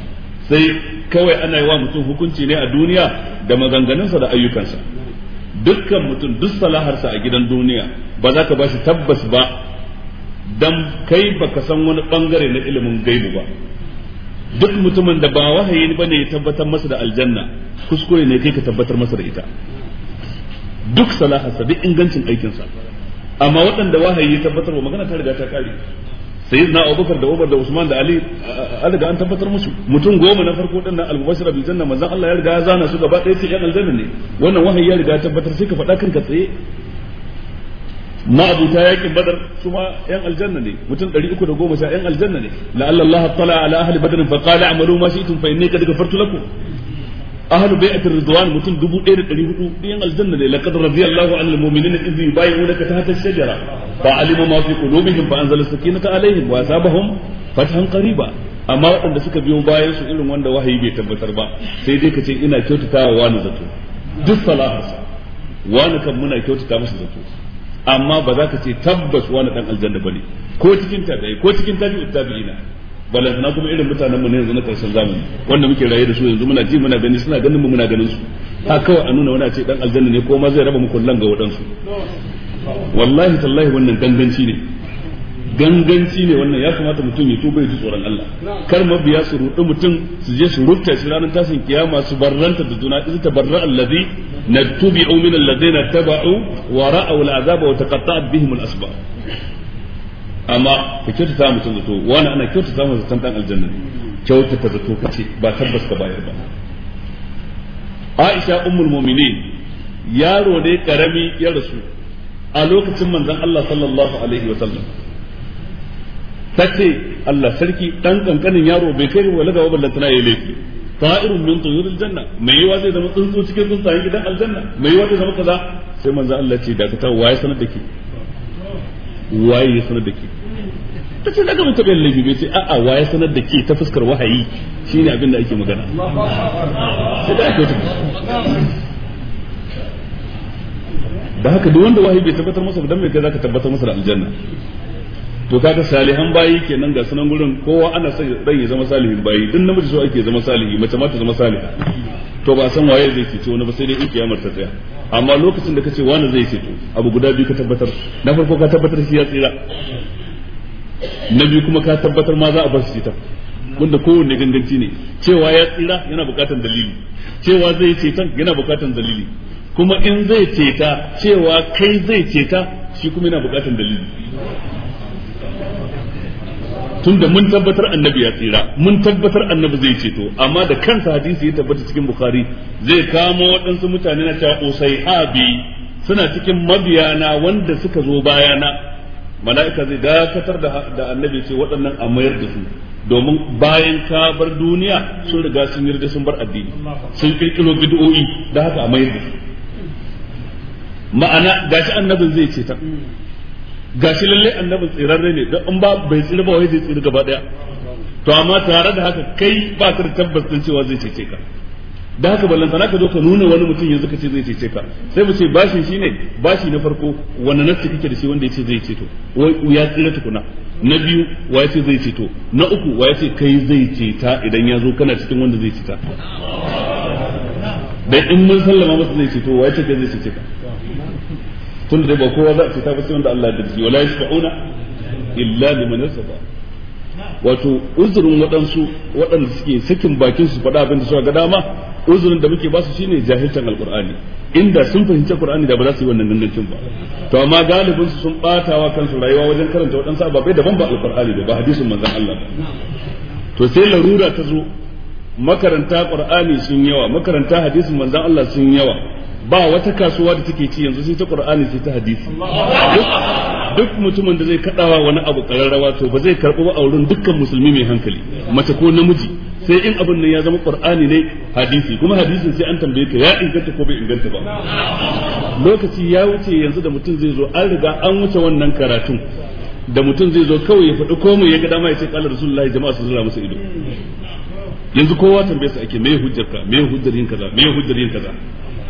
Speaker 1: sai kawai ana yi wa mutum hukunci ne a duniya da maganganunsa da ayyukansa dukkan mutum duk salaharsa a gidan duniya ba za ka ba shi tabbas ba dan kai baka san wani bangare na ilimin gaibu ba duk mutumin da ba wahayi ne ya tabbatar masa da aljanna kuskure ne kai ka tabbatar masa da ita duk salaharsa duk ingancin aikinsa amma waɗanda wahayi ya tabbatar ba magana ta riga ta kare na abubakar da umar da usman da ali an riga an tabbatar musu mutum goma na farko din nan al-mubashira bil janna manzon Allah ya riga ya zana su gaba ɗaya sai yan aljanna ne wannan wahayi ya riga ya tabbatar sai ka faɗa kanka tsaye ma'abuta yakin badar su ma yan aljanna ne mutum 310 yan aljanna ne la'alla Allah tala ala ahli badr fa qala a'malu ma shi'tum fa ahlu bai'atir ridwan mutum 1400 ɗiyan aljanna ne laqad radiyallahu anil mu'minina idh yubayyi'unaka tahta ash-shajara fa alima ma fi qulubihim fa anzala sakinata ba wa sabahum fathan qariba amma waɗanda suka biyo bayan su irin wanda wahayi bai tabbatar ba sai dai ka ce ina kyautatawa wani zato duk salaharsa wani kan muna kyautata masa zato amma ba za ka ce tabbas wani dan aljanna bane ko cikin tabi'i ko balantana kuma irin mutanen mu ne yanzu na karshen zamani wanda muke raye da su yanzu muna ji muna gani suna ganin mu muna ganin su ha kawai a nuna wani a ce dan aljanna ne ko ma zai raba mu kullan ga waɗansu wallahi tallahi wannan ganganci ne ganganci ne wannan ya kamata mutum ya tuba ya ji tsoron Allah kar mabiya su rudu mutum su je su rufta shi ranar tashin kiyama su barranta da juna iz tabarra allazi natubi'u min alladhina taba'u wa ra'aw al'azaba wa taqatta'at bihim asuba. amma ku kyautata mutum zato wani ana kyautata masa zaton dan aljanna kyautata zato kace ba tabbas ka bayar ba Aisha ummul mu'minin yaro ne karami ya rasu a lokacin manzon Allah sallallahu alaihi wa sallam tace Allah sarki dan kankanin yaro bai kai wala da waballan tana yi laifi ta'irun min tuyuril janna mai yiwa zai zama tsuntsu cikin tsuntsayen gidan aljanna mai yiwa zai zama kaza sai manzon Allah ce da ka ta waye sanar da ke waye ya sanar da ke ta ce daga mutu ɗan laifi bai ce a'a wa ya sanar da ke ta fuskar wahayi shi ne abin da ake magana da haka duk wanda wahayi bai tabbatar masa ba dan mai kai zaka tabbatar masa da aljanna to kaga salihan bayi kenan ga sunan gurin kowa ana son dan ya zama salihin bayi duk namiji so ake zama salihi mace ma ta zama salihi to ba san waye zai ce wani ba sai dai ikiya marta ta tsaya amma lokacin da kace wani zai ce to abu guda biyu ka tabbatar na farko ka tabbatar shi ya tsira na biyu kuma ka tabbatar ma za a bar su ceton wanda kowanne ganganci ne cewa ya tsira yana bukatar dalili cewa zai ceton yana bukatar dalili kuma in zai ceta cewa kai zai ceta shi kuma yana bukatar dalili tunda mun tabbatar annabi ya tsira mun tabbatar annabi zai ceto amma da kansa hadisi ya tabbata cikin bukhari zai kama waɗansu mutane na cewa usai abi suna cikin mabiyana wanda suka zo bayana mala'ika zai dakatar da da annabi ce waɗannan a mayar da su domin bayan ka bar duniya sun riga sun yarda sun bar addini sun kirkiro bid'o'i da haka a mayar da su ma'ana gashi annabin zai ce ta gashi lalle annabin tsirarre ne don in ba bai tsira ba wai zai tsira gaba daya to amma tare da haka kai ba ka da tabbas cewa zai ce ka da haka ballan sana ka zo ka nuna wani mutum yanzu ka ce zai cece ka sai mu ce bashin shine bashi na farko wanda nasti kake da shi wanda yace zai ceto wai ya tsira tukuna na biyu wa yace zai ceto na uku wa yace kai zai ceta idan ya zo kana cikin wanda zai ceta dan in mun sallama masa zai ceto wa yace kai zai cece ka tun da ba kowa za a ceta ba sai wanda Allah ya dace wala yashfa'una illa liman yasaba wato uzurin waɗansu waɗanda suke sakin bakin su faɗa abin da suka ga dama uzurin da muke basu shine jahilcin alqur'ani inda sun fahimci qur'ani da ba za su yi wannan dangancin ba to amma galibin su sun batawa kansu rayuwa wajen karanta waɗansu ababai daban ba alqur'ani ba hadisin manzon Allah to sai larura ta zo makaranta qur'ani sun yawa makaranta hadisin manzon Allah sun yawa ba wata kasuwa da take ci yanzu sai ta qur'ani sai ta hadisi duk mutumin da zai kadawa wani abu kararrawa to ba zai karbi ba auren dukkan musulmi mai hankali mace ko namiji sai in abin nan ya zama qur'ani ne hadisi kuma hadisin sai an tambaye ka ya inganta ko bai inganta ba lokaci ya wuce yanzu da mutum zai zo an riga an wuce wannan karatun da mutum zai zo kawai ya faɗi komai ya ga dama ya ce qala rasulullahi jama'a su zura masa ido yanzu kowa tambaye su ake me hujjar ka me hujjar yin kaza me hujjar yin kaza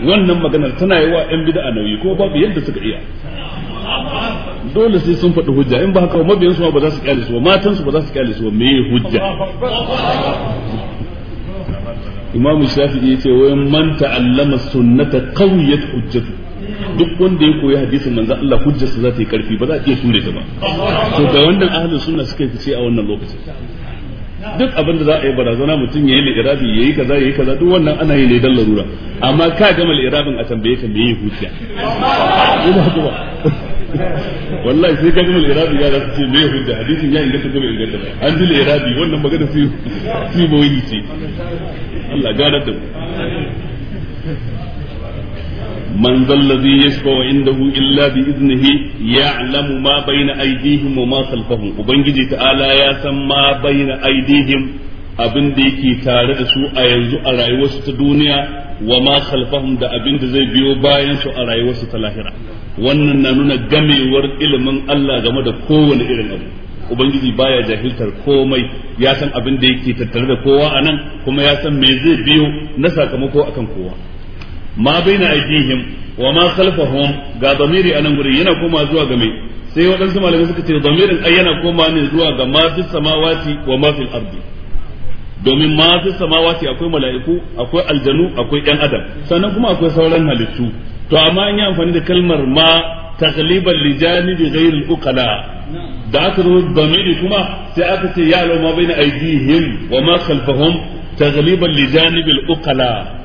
Speaker 1: wannan maganar tana yi wa yan bid'a nauyi ko babu yadda suka iya dole sai sun faɗi hujja in ba haka mabiyan su ba za su kyale su ba matan su ba za su kyale su ba me hujja imamu shafi'i ce wayan man ta'allama sunnata qawiyat hujjatu duk wanda ya koyi hadisin manzo Allah hujjarsa za ta yi karfi ba za a iya ta ba to ga wannan ahlus sunna suka fice a wannan lokacin duk abin da za a yi barazana mutum ya yi irabi ya yi kaza ya yi kaza duk wannan ana yi ne don larura amma ka gama irabin a tambaye ka me yi hujja wallahi sai ka gama irabi ya zasu ce me yi hujja hadisin ya inganta ko inganta ba an ji irabi wannan magana sai sai bawai ce Allah gadar da mu من ذا الذي يشفع عنده إلا بإذنه يعلم ما بين أيديهم وما خلفهم وبنجي تعالى يا سما بين أيديهم abin da yake tare da su a yanzu a rayuwarsu ta duniya wa ma khalfahum da abin da zai biyo bayan su a rayuwarsu ta lahira wannan na nuna gamewar ilimin Allah game da kowane irin abu ubangiji baya jahiltar komai ya san abin da yake tattare da kowa anan kuma ya san me zai biyo na sakamako akan kowa ma baina aidihim wa ma khalfahum ga a nan guri yana koma zuwa ga mai sai waɗansu malamai suka ce damirin ai yana koma ne zuwa ga ma fi samawati wa ma fil ardi domin ma fi samawati akwai mala'iku akwai aljanu akwai ƴan adam sannan kuma akwai sauran halittu to amma an yi amfani da kalmar ma takliban li janibi ghayril uqala da aka zo damiri kuma sai aka ce ya ma baina aidihim wa ma khalfahum tagliban li janibil uqala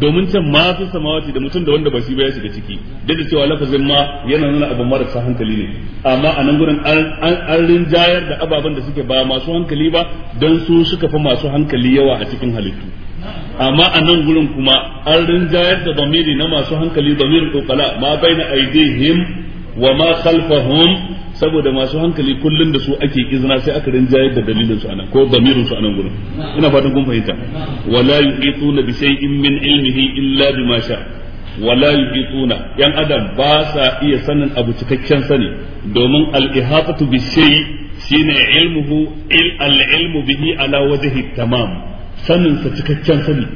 Speaker 1: domin can ma fi samawati da mutum da wanda ba shi ba ya shiga ciki duk da cewa lafazin ma yana nuna abin marasa hankali ne amma a nan gurin an rinjayar da ababen da suke ba masu hankali ba don su suka fi masu hankali yawa a cikin halittu amma a nan gurin kuma an rinjayar da damiri na masu hankali ko kokala ma bai na aidehim wa ma khalfahum saboda masu hankali kullun da su ake izina sai aka rinjayar da dalilin su anan ko damirin su anan gurin ina fatan kun fahimta wala yuqituna bi shay'in min ilmihi illa bima sha wala yuqituna yan adam ba sa iya sanin abu cikakken sani domin al-ihafatu bi shay shine ilmuhu il al-ilmu bihi ala wajhi tamam sanin sa cikakken sani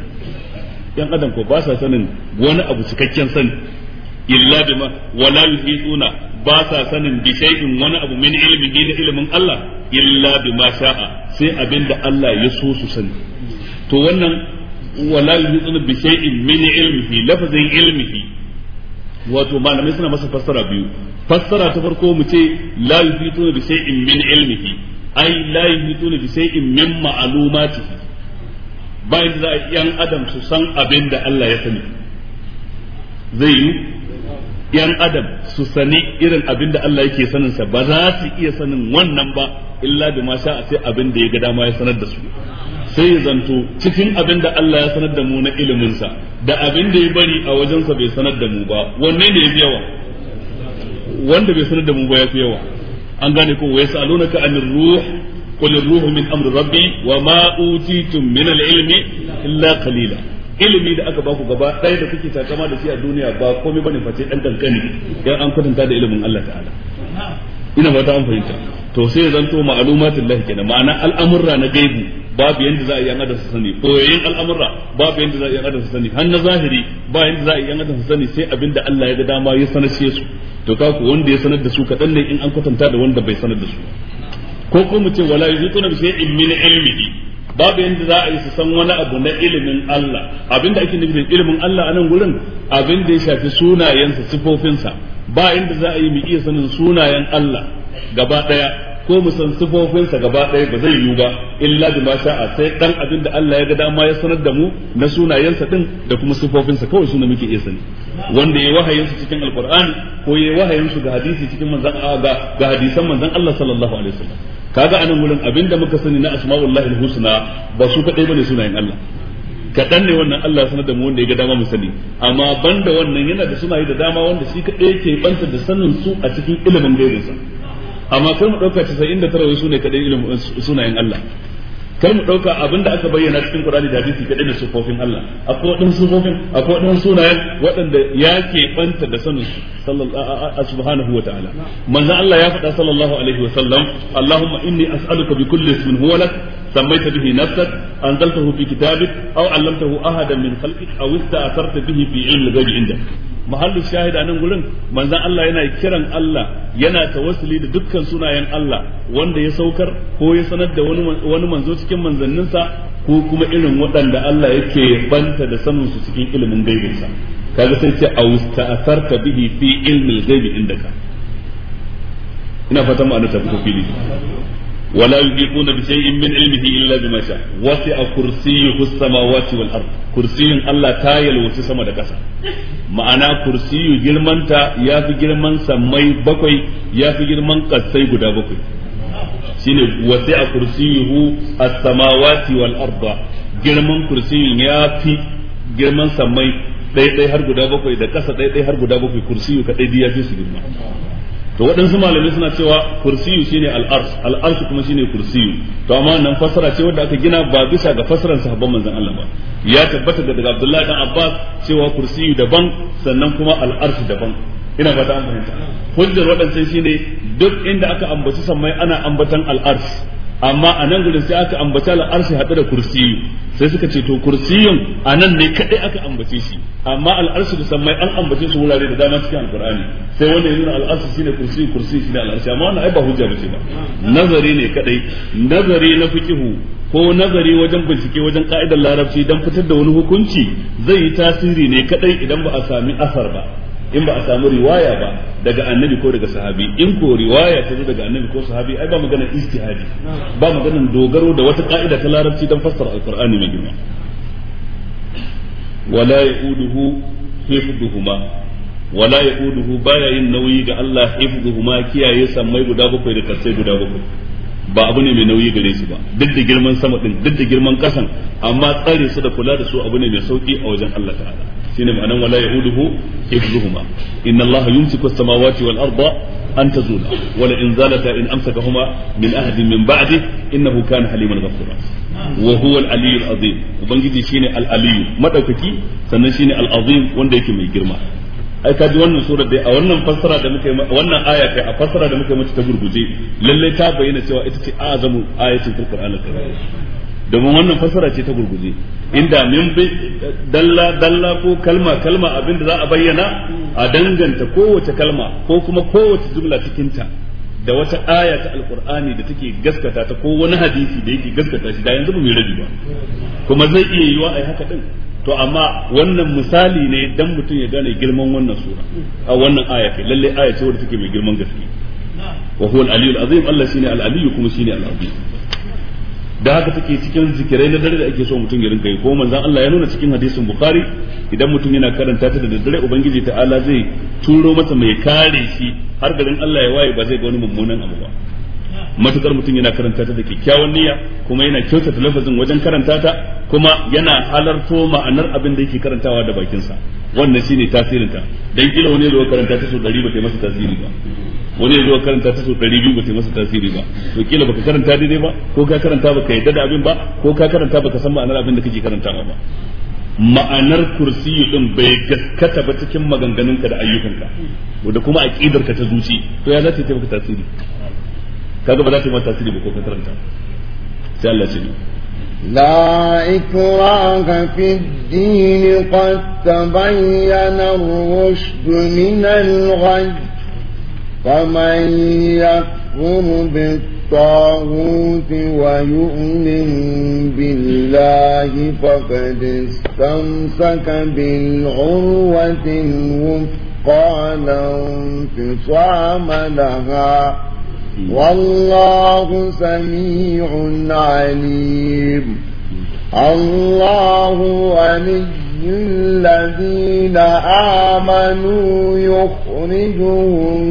Speaker 1: yan adam ko ba sa sanin wani abu cikakken sani illa bima wala yuhituna ba sa sanin bi shay'in wani abu min ilmihi na ilmin Allah illa bima sha'a sai abinda Allah ya so su sani to wannan wala yuhituna bi shay'in min ilmihi lafazin ilmihi wato malamai suna masa fassara biyu fassara ta farko mu ce la yuhituna bi shay'in min ilmihi ai la yuhituna bi shay'in min ma'lumatihi bayan da yan adam su san abinda Allah ya sani zai yi yan adam su sani irin abin da Allah yake sanin sa ba za su iya sanin wannan ba illa da ma sha sai abin da ya ga dama ya sanar da su sai ya zanto cikin abin da Allah ya sanar da mu na ilimin sa da abin da ya bari a wajen sa bai sanar da mu ba wanne ne yafi yawa wanda bai sanar da mu ba fi yawa an gane ko wai sa'alunaka anir ruh qul ruhu min amri rabbi wa ma utitum min al-ilmi illa qalila ilimi da aka baku gaba ɗaya da kuke takama da shi a duniya ba komai bane face dan kankani dan an kwatanta da ilimin Allah ta'ala ina ba ta an fahimta to sai ya zanto ma'lumatul lahi kenan ma'ana al'amurra na gaibu babu yanda za a yi an su sani yayin al'amurra babu yanda za a yi an su sani har na zahiri ba yanda za a yi an su sani sai abinda Allah ya ga dama ya sanar su to kaku wanda ya sanar da su kadan ne in an kwatanta da wanda bai sanar da su ko kuma ce wala yuzuna bi shay'in min ilmihi babu yadda za a yi su san wani abu na ilimin Allah abinda ake nufin ilimin Allah a nan gurin abin da ya shafi sunayensa sifofinsa ba inda za a yi mu iya sanin sunayen Allah gaba daya ko mu san sifofinsa gaba daya ba zai yiwu ba illa bi ma sha'a sai dan abin da Allah ya ga dama ya sanar da mu na sunayensa din da kuma sifofinsa kawai suna muke iya sani wanda ya wahayin su cikin alqur'ani ko ya wahayin su ga hadisi cikin manzon ga hadisan manzon Allah sallallahu alaihi wasallam kaga anan wurin abinda muka sani na asma'ullahi husna ba su kadai bane sunayen Allah kaɗan ne wannan Allah sanar da mu wanda ya ga dama mu sani amma banda wannan yana da sunaye da dama wanda shi kadai yake banta da sanin su a cikin ilimin gairinsa amma kai mu ɗauka casa'in da tara wai su ne kaɗai sunayen Allah kar mu ɗauka abin da aka bayyana cikin Qur'ani da hadisi kadai da sufofin Allah akwai wadan sufofin akwai wadan sunayen waɗanda ya ke banta da sanin su sallallahu subhanahu wa ta'ala manzo Allah ya faɗa sallallahu alaihi wa sallam Allahumma inni as'aluka bi kulli ismin huwa lak سميت به نفسك أنزلته في كتابك أو علمته أحدا من خلقك أو استأثرت به في علم الغيب عندك mahallu shahida nan gurin manzon Allah yana kiran Allah yana tawassuli da dukkan sunayen Allah wanda ya saukar ko ya sanar da wani wani manzo cikin manzanninsa ko kuma irin waɗanda Allah yake banta da sanin su cikin ilimin sa kaga sai ce austa'asarta bihi fi ilmi gaibi indaka ina fatan ma'anar ta fito fili ولا يحيطون بشيء من علمه الا بما شاء وسع كرسيه السماوات والارض كرسي الله تايل وسسما da kasa ma'ana kursiyu girmanta ya fi girman sammai bakwai ya fi girman kassai girman kursiyun ya fi girman sammai ɗaiɗai bakwai da kasa ɗaiɗai har guda bakwai ya fi su girma to waɗansu malamai suna cewa kursiyu shine al-arsh al-arsh kuma shine kursiyu to amma nan fasara ce wadda aka gina ba bisa ga fasaran sahabban manzon Allah ba ya tabbata daga Abdullahi dan Abbas cewa kursiyu daban sannan kuma al-arsh daban ina ba ta an fahimta hujjar waɗancan shine duk inda aka ambaci sammai ana ambatan al amma a nan gudun sai aka ambaci al'arshi haɗe da kursi sai suka ce to kursiyun a nan ne kaɗai aka ambace shi amma al'arshi da sammai an ambace su wurare da dama cikin alkur'ani sai wanda ya nuna al'arshi shine kursiyu kursiyu shine al'arshi amma wannan ai ba hujja bace ba nazari ne kaɗai nazari na fiqihu ko nazari wajen bincike wajen ka'idar larabci dan fitar da wani hukunci zai yi tasiri ne kaɗai idan ba a sami asar ba in ba a samu riwaya ba daga annabi ko daga sahabi in ko riwaya ta zo daga annabi ko sahabi ai ba magana istihadi ba maganar dogaro da wata ka'ida ta larabci don fassara alqur'ani mai girma wala yauduhu hifduhuma wala yauduhu baya yin nauyi ga Allah hifduhuma kiyaye sammai guda bakwai da kasai guda bakwai ba abu ne mai nauyi gare su ba duk da girman sama din duk da girman kasan amma tsare su da kula da su abu ne mai sauki a wajen Allah ta'ala shine ma'anan wala yauduhu hifzuhuma inna Allah yumsiku as-samawati wal arda an tazula wala in zalata in amsakahuma min ahadin min ba'di innahu kana haliman ghafura wa huwa al-aliyyul azim ubangiji shine al-aliyyu madaukaki sannan shine al-azim wanda yake mai girma ai ka ji wannan sura dai a wannan fassara da muke wannan aya kai a fassara da muka mace ta gurguje lalle ta bayyana cewa ita ce azamu ayatin alquran alkarim domin wannan fassara ce ta gurguje inda min bi dalla dalla ko kalma kalma abinda za a bayyana a danganta kowace kalma ko kuma kowace jumla cikin ta da wata aya ta alqur'ani da take gaskata ta ko wani hadisi da yake gaskata shi da yanzu ba mai rabi ba kuma zai iya yiwa ai haka din to amma wannan misali ne dan mutum ya gane girman wannan sura a wannan aya ce lalle aya ce wadda take mai girman gaske wa huwa al-aliyyu al-azim Allah shine al-aliyyu kuma shine al-azim da haka take cikin zikirai na dare da ake so mutum ya rinka yi ko manzon Allah ya nuna cikin hadisin bukhari idan mutum yana karanta ta da dare ubangiji ta'ala zai turo masa mai kare shi har garin Allah ya waye ba zai ga wani mummunan abu ba matukar mutum yana karanta ta da kyakkyawan niyya kuma yana kyautata lafazin wajen karanta ta kuma yana halarto ma'anar abin da yake karantawa da bakinsa wannan shine tasirin ta dan kila wani zo karanta ta so 100 ba ta masa tasiri ba wani zo karanta ta so 200 ba ta masa tasiri ba to kila baka karanta daidai ba ko ka karanta baka yadda da abin ba ko ka karanta baka san ma'anar abin da kake karantawa ba ma'anar kursiyu din bai gaskata ba cikin maganganunka da ayyukanka da kuma aqidarka ta zuci to ya zata ta maka tasiri kaga ba za ta yi mata tasiri ba ko ka karanta sai Allah ce
Speaker 2: لا إكراه في الدين قد تبين الرشد من الغي فمن يكفر بالطاغوت ويؤمن بالله فقد استمسك بالعروة الوثقى لا انفصام لها والله سميع عليم الله ولي الذين آمنوا يخرجهم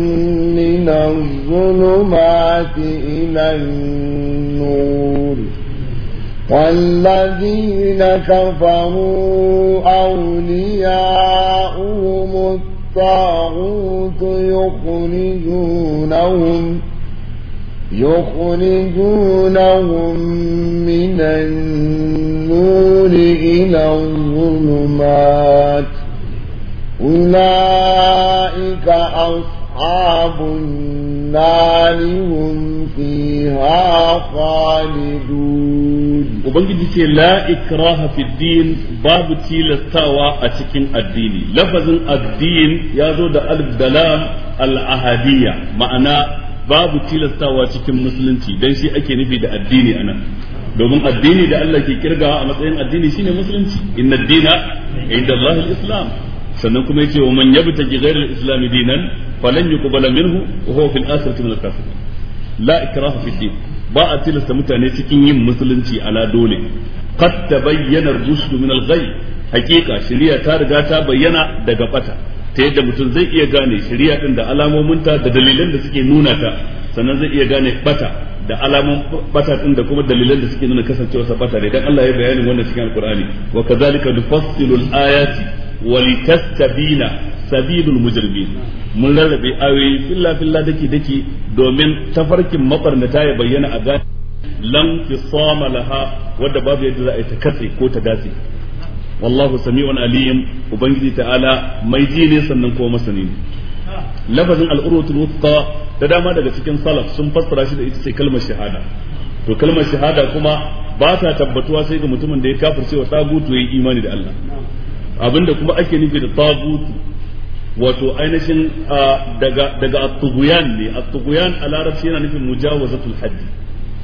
Speaker 2: من الظلمات إلى النور والذين كفروا أولياؤهم الطاغوت يخرجونهم يخرجونهم من النور إلى الظلمات أولئك أصحاب النار هم فيها خالدون وبنجد
Speaker 1: لا إكراه في الدين باب التاوى أتكين الدين لفظ الدين يزود الدلام الأهدية معناه babu tilastawa cikin musulunci dan shi ake nufi da addini ana. domin addini da Allah ke kirgawa a matsayin addini shine musulunci inna ad-dina inda Allah al-islam sannan kuma yace wa man yabtaji ghayra al-islam dinan falan yuqbala minhu wa huwa fil akhirati min al-kafirin la ikraha fi din ba a tilasta mutane cikin yin musulunci ala dole qad tabayyana ar-rushd min al hakika shari'a ta riga ta bayyana daga bata ta yadda mutum zai iya gane shari'a din da alamominta da dalilan da suke nuna ta sannan zai iya gane bata da alamun bata din da kuma dalilan da suke nuna sa bata ne dan Allah ya bayani wannan cikin alqur'ani wa kadhalika nufassilu ayati wa litastabina sabilul mujrimin mun rarrabe ayoyi filla filla dake dake domin tafarkin mabarnata ya bayyana a gane lam fisama laha wadda babu yadda za a yi ta katse ko ta dace wallahu sami'un alim ubangiji ta'ala mai ji ne sannan kuma masani ne lafazin al'urwatul wuthqa da dama daga cikin salaf sun fassara shi da ita ce kalmar shahada to kalmar shahada kuma ba ta tabbatuwa sai ga mutumin da ya kafirce wa tagutu yayi imani da Allah abinda kuma ake nufi da tagutu wato ainihin daga daga ne at-tughyan a larabci yana nufin mujawazatul haddi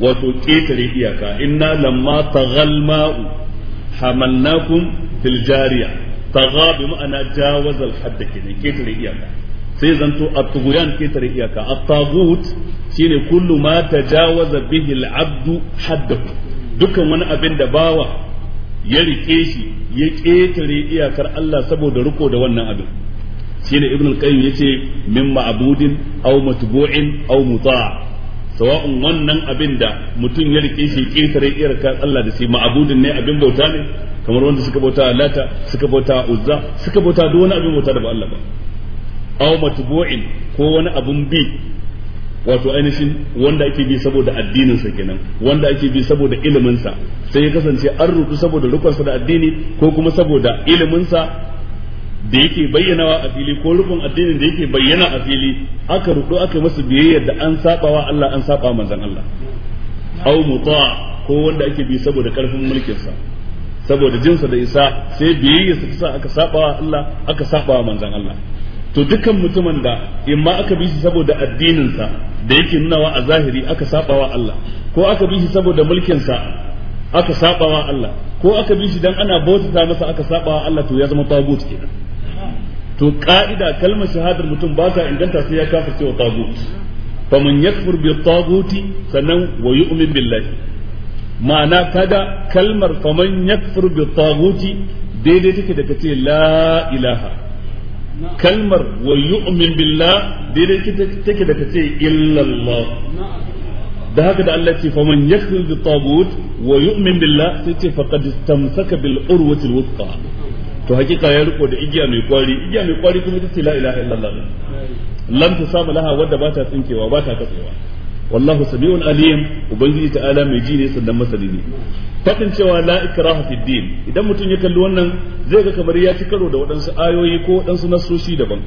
Speaker 1: wato ƙetare iyaka inna lamma taghalma'u hamalnakum fil jariya tagha bi ma'ana jawaza hadda kenan ketare iyaka sai zanto at-tughyan ketare iyaka at-taghut shine kullu ma jawaza bihi al-abdu haddahu wani abin da bawa ya rike shi ya ketare iyakar Allah saboda riko da wannan abin shine ibn al-qayyim yace min ma'budin aw matbu'in aw muta'a sawa'un wannan abin da mutum ya rike shi ƙetare iyarka Allah da shi ma'abudin ne abin bauta ne kamar wanda suka bauta lata suka bauta uzza suka bauta duk wani abin bauta da ba Allah ba aw matbu'in ko wani abun bi wato ainihin wanda ake bi saboda addinin sa kenan wanda ake bi saboda ilimin sa sai ya kasance an rutu saboda rukunsa da addini ko kuma saboda ilimin sa. da yake bayyanawa a fili ko rukun addinin da yake bayyana a fili aka rudu aka masa biyayya da an sabawa Allah an saba manzon Allah au muta ko wanda ake bi saboda karfin mulkin sa saboda jinsa da isa sai biyayya su sa aka sabawa Allah aka sabawa manzon Allah to dukkan mutumin da imma aka bi shi saboda addinin sa da yake nunawa a zahiri aka sabawa Allah ko aka bi shi saboda mulkin sa aka sabawa Allah ko aka bi shi dan ana bautata masa aka sabawa Allah to ya zama tagut kenan to ka'ida kalmar shahadar mutum ba ta inganta sai ya kafirce wa tagut faman yakfur bi taguti sannan wa yu'min billahi ma'ana kada kalmar fa faman yakfur bi taguti daidai take da kace la ilaha kalmar wa yu'min billah daidai take da kace illallah da haka da Allah ce faman yakfur bi tagut wa yu'min billah sai ce faqad istamsaka bil urwati al wuthqa to hakika ya riko da igiya mai kwari igiya mai kwari kuma ita ce la ilaha illallah lam tusamu laha wadda ba ta tsinkewa ba ta katsewa wallahu sami'un alim ubangiji ta'ala mai ji ne sannan masani ne fadin cewa la ikraha fid din idan mutum ya kalli wannan zai ga kamar ya ci karo da waɗansu ayoyi ko waɗansu nasoshi daban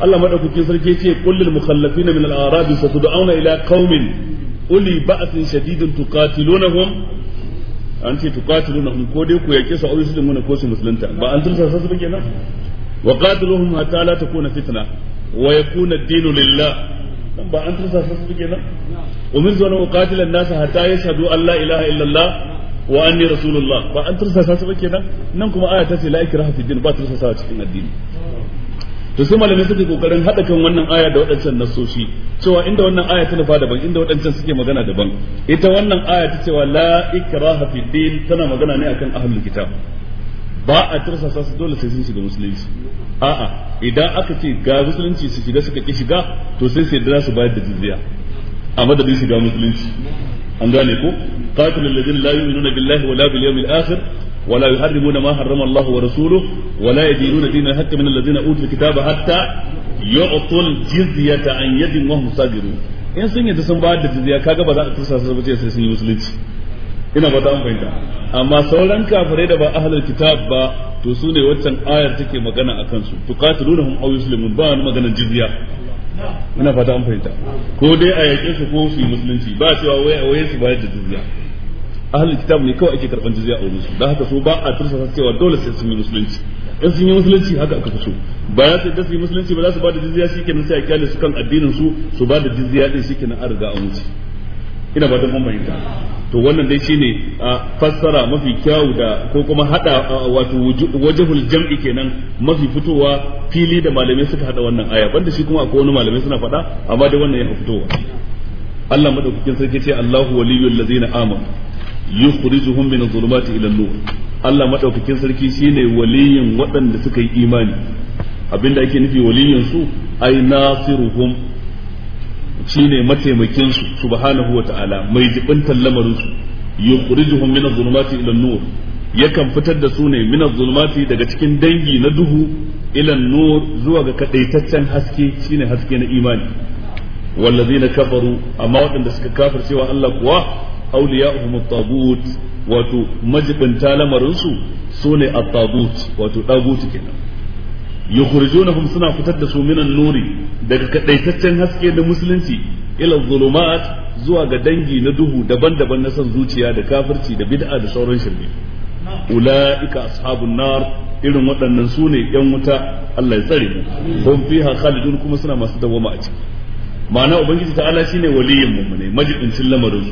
Speaker 1: Allah madaukakin sarki ce kullul mukhallafin min al-a'rab satud'auna ila qaumin uli ba'sin shadidin tuqatilunahum an ce tuqatilunhum ko dai ku yake su aure su mun ko su musulunta ba an tursa su ba kenan wa qatiluhum hatta la takuna fitna wa yakuna ad-dinu lillah dan ba an tursa su ba kenan umirtu an uqatila an-nasa hatta yashhadu an la ilaha illa allah wa anni rasulullah ba an tursa su ba kenan nan kuma aya ta ce la ikraha fid din ba tursa su cikin addini to sai malamin suke kokarin hada kan wannan aya da waɗancan nasoshi cewa inda wannan aya ta nufa daban inda waɗancan suke magana daban ita wannan aya ta cewa la ikraha fi din tana magana ne akan ahlul kitab ba a tursasa su dole sai sun shiga musulunci a'a idan aka ce ga musulunci su shiga suka ki shiga to sai sai da su bayar da jizya a madadin shiga musulunci an gane ko qatilul ladina la yu'minuna billahi wala bil yawmil akhir ولا يحرمون ما حرم الله ورسوله ولا يدينون دين الحق من الذين اوتوا الكتاب حتى يعطوا الجزية عن يد وهم صاغرون in sun yadda sun bayar da jizya kaga ba za a tursa su bace sai sun yi musulunci ina ba ta fahimta amma sauran kafirai da ba ahlul kitab ba to su ne waccan ayar take magana a kansu tuqatilunhum aw yuslimun ba wani magana jizya ina fata an fahimta ko dai a yake su ko su yi musulunci ba cewa wai a waye su bayar da jizya ahalin kitab ne kawai ake karban jizya a wurin su haka su ba a tursasa cewa dole sai sun yi musulunci in sun yi musulunci haka aka so ba ya sai su yi musulunci ba za su ba da jizya shikenan sai a kyale su kan addinin su su ba da jizya din shikenan an riga a wuce ina ba don ta to wannan dai shine a fassara mafi kyawu da ko kuma hada wato wajahul jam'i kenan mafi fitowa fili da malamai suka hada wannan aya banda shi kuma akwai wani malamai suna faɗa amma dai wannan ya fitowa Allah madaukakin sarki ce Allahu waliyyul ladzina amanu yukhrijuhum min adh-dhulumati ila an-nur Allah madaukakin sarki shine waliyin waɗanda suka yi imani abinda ake nufi waliyin su ay nasiruhum shine mataimakin su subhanahu wa mai jibin lamarin su yukhrijuhum min adh-dhulumati ila an-nur yakan fitar da su ne min adh-dhulumati daga cikin dangi na duhu ila an-nur zuwa ga kadaitaccen haske shine haske na imani wallazina kafaru amma waɗanda suka wa Allah kuwa awliya'uhum at-tagut wato majibinta lamarin su sune at tabut wato tagut kenan yukhrijunahum suna fitar da su minan nuri daga kadaitaccen haske da musulunci ila zulumat zuwa ga dangi na duhu daban-daban na san zuciya da kafirci da bid'a da sauran shirme ula'ika ashabun nar irin waɗannan sune ‘yan wuta Allah ya tsare mu, hum fiha khalidun kuma suna masu dawoma a ciki. ma'ana ubangiji ta'ala shine waliyin mummune majibincin lamarin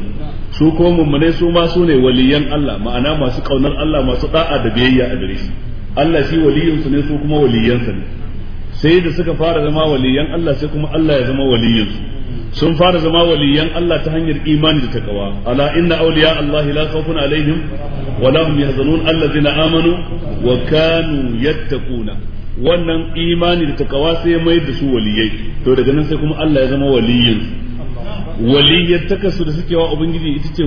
Speaker 1: su su ko mummune su ma su ne waliyan Allah ma'ana masu kaunar Allah masu da'a da biyayya a gare shi Allah shi waliyin su ne su kuma waliyan sa ne sai da suka fara zama waliyan Allah sai kuma Allah ya zama waliyin su sun fara zama waliyan Allah ta hanyar imani da takawa ala inna awliya Allah la khawfun alaihim wa lahum yahzanun allazina amanu wa kanu yattaquna wannan imani da takawa sai ya mayar da su waliyai to daga nan sai kuma Allah ya zama waliyin waliyantaka su da suke wa ubangiji ita ce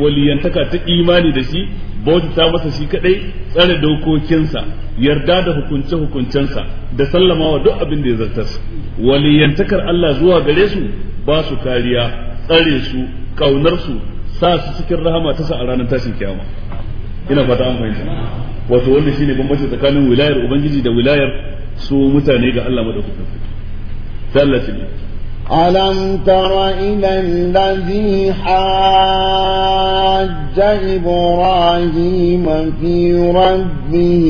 Speaker 1: waliyantaka ta imani da shi bauta masa shi kadai tsare dokokinsa yarda da hukunce hukuncensa da sallama wa duk abin da ya zartar waliyantakar Allah zuwa gare su ba su kariya tsare su kaunar su sa su cikin rahama ta sa a ranar tashin kiyama ina fata an fahimta wato wanda shine bambanci tsakanin wilayar ubangiji da wilayar su mutane ga Allah madaukakin sarki
Speaker 2: ألم تر إلى الذي حاج إبراهيم في ربه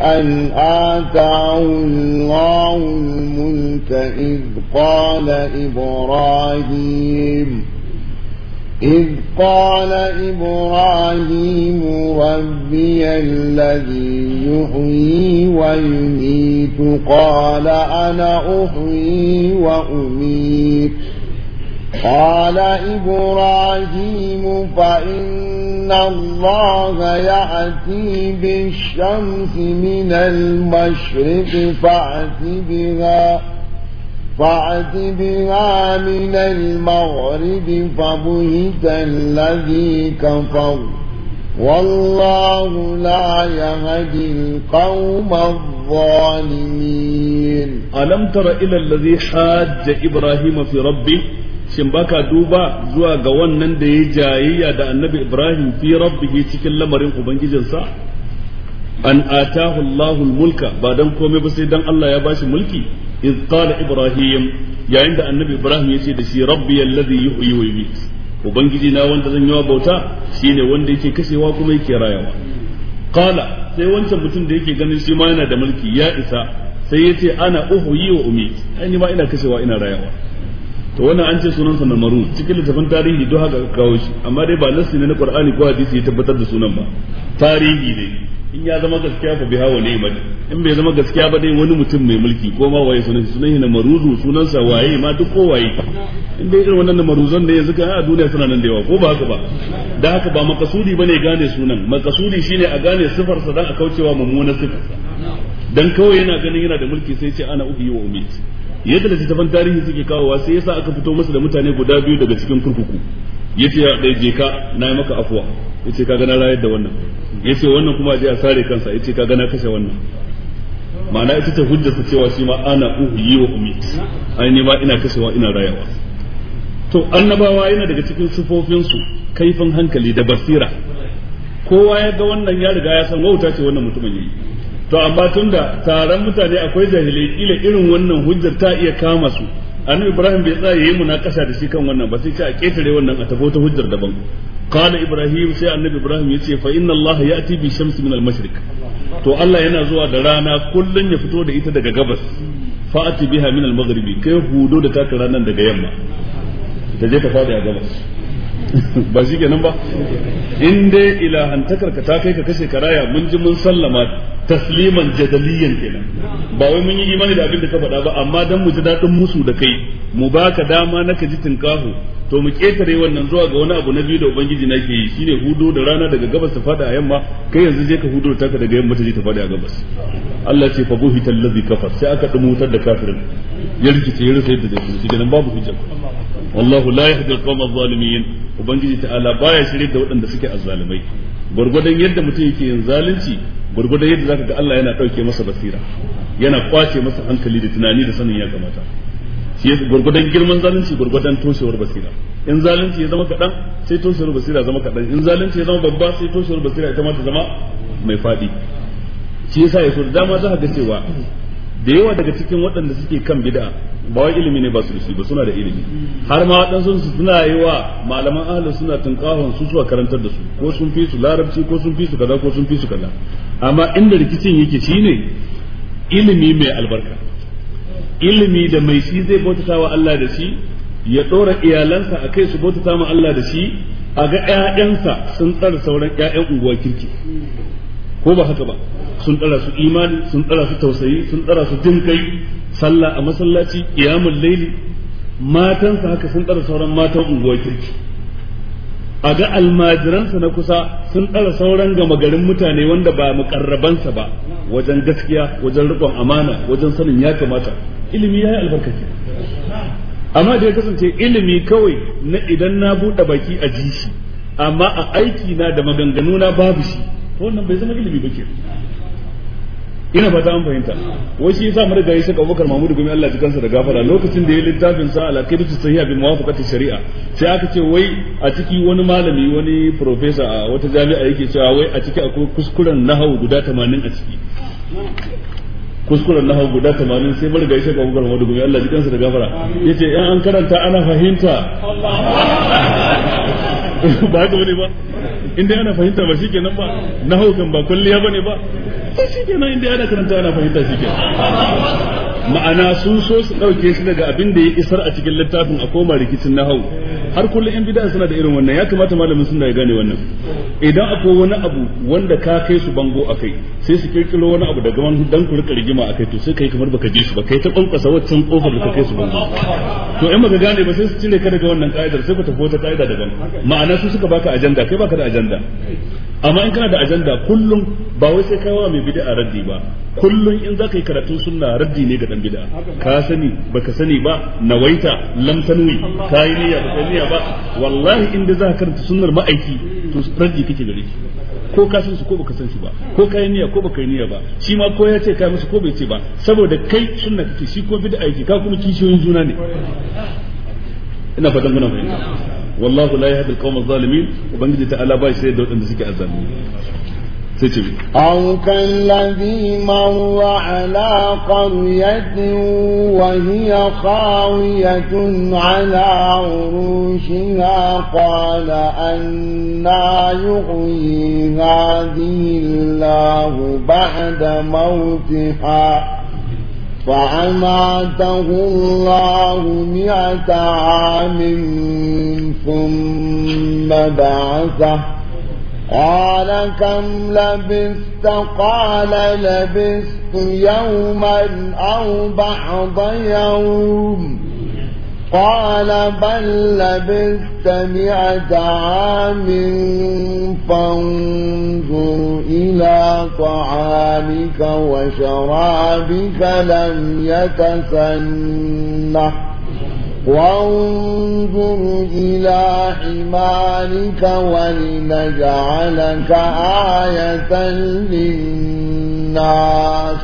Speaker 2: أن آتاه الله الملك إذ قال إبراهيم إذ قال إبراهيم ربي الذي يحيي ويميت قال أنا أحيي وأميت قال إبراهيم فإن الله يأتي بالشمس من المشرق فأت بها فأت بها من المغرب فبهت الذي كفر والله لا يهدي القوم الظالمين
Speaker 1: ألم تر إلى الذي حاج إبراهيم في ربه shin baka duba zuwa ga wannan da ya jayayya da annabi Ibrahim fi rabbihi cikin lamarin ubangijinsa an atahu Allahul mulka ba dan komai ba sai dan Allah ya bashi mulki iz ibrahim yayin da annabi ibrahim ya ce da shi rabbi allazi yi wa yumiit ubangiji na wanda zan yi wa bauta ne wanda yake kashewa kuma yake rayawa qala sai wancan mutum da yake ganin shi ma yana da mulki ya isa sai ya ce ana uhyi wa umit ai ma ina kashewa ina rayawa to wannan an ce sunan sa marun cikin littafin tarihi don haka kawo shi amma dai ba nassi ne na qur'ani ko hadisi ya tabbatar da sunan ba tarihi ne in ya zama gaskiya fa biha wa ni'mat in bai zama gaskiya ba dai wani mutum mai mulki ko ma waye sunan sunan na maruzu sunan sa waye ma duk ko waye in dai irin wannan maruzan da yanzu kan a duniya suna nan da yawa ko ba haka ba da haka ba makasudi bane gane sunan makasudi shine a gane sifar sa dan a kaucewa mummunar sifar sa dan kawai yana ganin yana da mulki sai ce ana uhi wa umit yadda da tafan tarihi suke kawowa sai yasa aka fito masa da mutane guda biyu daga cikin kurkuku yace ya dai je ka na yi maka afuwa yace kaga na rayar da wannan yace wannan kuma je a sare kansa yace kaga na kashe wannan ma'ana ita ta hujjar sa cewa shi ma ana yi wa ummi ai ne ma ina kashewa ina rayawa to annabawa yana daga cikin sufofin su kaifin hankali da basira kowa ya ga wannan ya riga ya san wauta ce wannan mutumin yi to amma tunda taron mutane akwai jahilai kila irin wannan hujjar ta iya kama su annabi ibrahim bai tsaya yayi kasa da shi kan wannan ba sai ce a ketare wannan a tafi ta hujjar daban qala ibrahim sai annabi ibrahim yace fa inna allaha ya'ti bi shamsi min al-mashriq to allah yana zuwa da rana kullun ya fito da ita daga gabas fa'ati biha min al-maghribi kai hudo da taka ranan daga yamma ta je ta fada a gabas ba shi kenan ba in dai ilahantakar ka ta kai ka kashe karaya mun ji mun sallama tasliman jadaliyan kenan ba wai mun yi imani da abin da ka faɗa ba amma dan mu ji daɗin musu da kai mu baka dama na ka ji tinkahu to mu ketare wannan zuwa ga wani abu na biyu da ubangiji na ke yi shine hudo da rana daga gabas ta fada a yamma kai yanzu je ka hudo taka daga yamma ta je ta fada a gabas Allah ce fa buhital ladhi kafar sai aka dumutar da kafirin ya rikice ya yadda da shi kenan babu hujja wallahu la yahdi al-qawma adh ubangiji ta'ala baya shirye da waɗanda suke azzalimai gurgudan yadda mutum yake yin zalunci gurgudan yadda zaka ga Allah yana dauke masa basira yana kwace masa hankali da tunani da sanin ya kamata shi gurgudan girman zalunci gurgudan toshewar basira in zalunci ya zama kaɗan sai toshewar basira zama kaɗan in zalunci ya zama babba sai toshewar basira ita ma zama mai faɗi shi yasa ya so dama ga cewa da yawa daga cikin waɗanda suke kan bid'a ba wai ilimi ne ba su shi ba suna da ilimi har ma waɗansu su suna yi wa malaman ahlus suna tunkahon su suwa karantar da su ko sun fi su larabci ko sun fi su kaza ko sun fi su kaza amma inda rikicin yake ne ilimi mai albarka ilimi da mai shi zai bautata wa Allah da shi ya ɗora iyalansa a kai su bautata ma Allah da shi a ga 'ya'yansa sun tsara sauran 'ya'yan unguwa kirki ko ba haka ba sun tsara su imani sun tsara su tausayi sun tsara su jin kai sallah a masallaci qiyamul layli matansa haka sun tsara sauran matan unguwar kirki a ga almajiransa na kusa sun tsara sauran gama garin mutane wanda ba mukarrabansa ba wajen gaskiya wajen riƙon amana wajen sanin ya kamata ilimi ya yi albarkaci amma da ya kasance ilimi kawai na idan na buɗe baki a ji shi amma a aiki na da maganganu na babu shi to wannan bai zama ilimi ba ke ina ba an fahimta wai shi yasa mara gari shaka Abubakar Mahmud gumi Allah kansa da gafara lokacin da ya littafin sa al-aqidatu sahiha bi muwafaqati shari'a sai aka ce wai a ciki wani malami wani professor a wata jami'a yake cewa wai a ciki akwai kuskuren nahawu guda 80 a ciki kuskuren nahawu guda 80 sai mara gari shaka Abubakar Mahmud gumi Allah jikansa da gafara yace in an karanta ana fahimta
Speaker 3: ba haka bane ba
Speaker 1: inda ana fahimta ba shikenan ba na haukan ba kulliya bane ba sai shikenan inda ana karanta ana fahimta
Speaker 3: shikenan
Speaker 1: ma'ana sun so su ɗauke shi daga abin da ya isar a cikin littafin a koma rikicin na hau har kullum yan bid'a suna da irin wannan ya kamata malamin suna ya gane wannan idan akwai wani abu wanda ka kai su bango a kai sai su kirkiro wani abu daga wani dan ku rika rigima kai to sai kai kamar baka ji su ba kai ta kankasa waccan kofar da ka kai su bango to in baka gane ba sai su cire ka daga wannan ka'idar sai ku tafi wata ka'ida daban ma'ana su suka baka ajanda kai baka da ajanda amma in kana da ajanda kullum ba wai sai kai wa mai bid'a raddi ba kullum in za ka yi karatun sunna raddi ne ga dan bid'a ka sani baka sani ba nawaita lam tanwi yi niyya baka niyya ba wallahi inda za ka karanta sunnar ma'aiki to raddi kake gare shi ko ka san su ko baka san su ba ko kai niyya ko baka niyya ba shi ma ko ya ce kai musu ko bai ce ba saboda kai sunna kake shi ko bid'a yake ka kuma kishiyoyin juna ne ina fatan kuna fahimta wallahu la yahdi al-qawm adh-dhalimin ubangiji ta'ala ba shi da wadanda suke azzalimi
Speaker 2: أو كالذي مر على قرية وهي خاوية على عروشها قال أنا يحيي هذه الله بعد موتها فأماته الله مئة عام ثم بعثه قال كم لبثت قال لبثت يوما أو بعض يوم قال بل لبثت مئة عام فانظر إلى طعامك وشرابك لم يتسنح وانظر إلى حمارك ولنجعلك آية للناس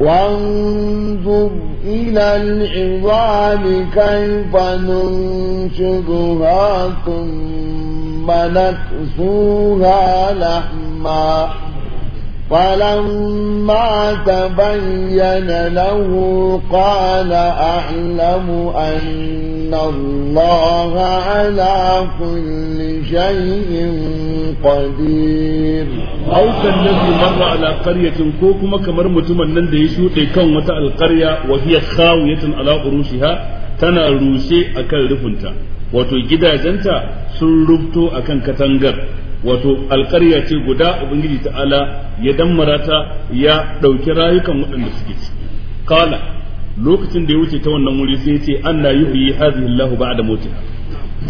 Speaker 2: وانظر إلى العظام كيف ننشدها ثم نكسوها لحماً فلما تبين له قال أعلم أن الله على كل شيء قدير أو كالذي مر
Speaker 1: على قرية كوكما كمر متمنى ديشو تيكون متى القرية وهي خاوية على عروشها tana rushe akan rufinta wato gidajenta sun rubto akan katangar wato alkarya ce guda ubangiji ta'ala ya dammara ta ya ɗauki rayukan waɗanda suke ci kala lokacin da ya wuce ta wannan wuri sai ya ce anna yuhyi hadhihi Allahu ba'da mautiha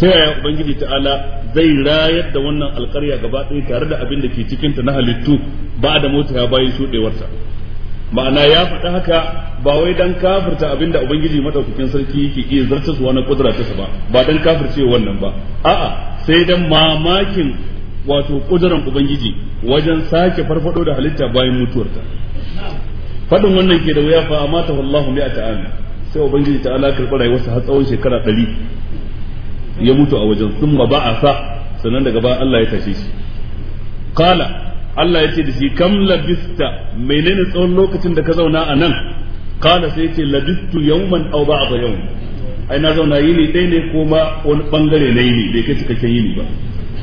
Speaker 1: ta yaya ubangiji ta'ala zai rayar da wannan alkarya gaba ɗaya tare da abin da ke cikin ta na halittu da ba'da ya bayan shudewarta ma'ana ya faɗi haka ba wai dan kafirta abin da ubangiji madaukakin sarki yake iya zartaswa na kudura ta ba ba dan kafirce wannan ba a'a sai dan mamakin wato kuduran ubangiji wajen sake farfado da halitta bayan mutuwarta fadin wannan ke da wuya fa ta wallahu mi'a ta'ami sai ubangiji ta ala karɓi wasu har tsawon shekara ɗari ya mutu a wajen sun ma ba a sa sannan daga ba Allah ya tashe shi kala Allah ya ce da shi kam labista menene tsawon lokacin da ka zauna a nan kala sai ce labistu yawman aw ba'da yawm ai na zauna yini ɗaya ne ko ma wani bangare na yini bai kai cikakken yini ba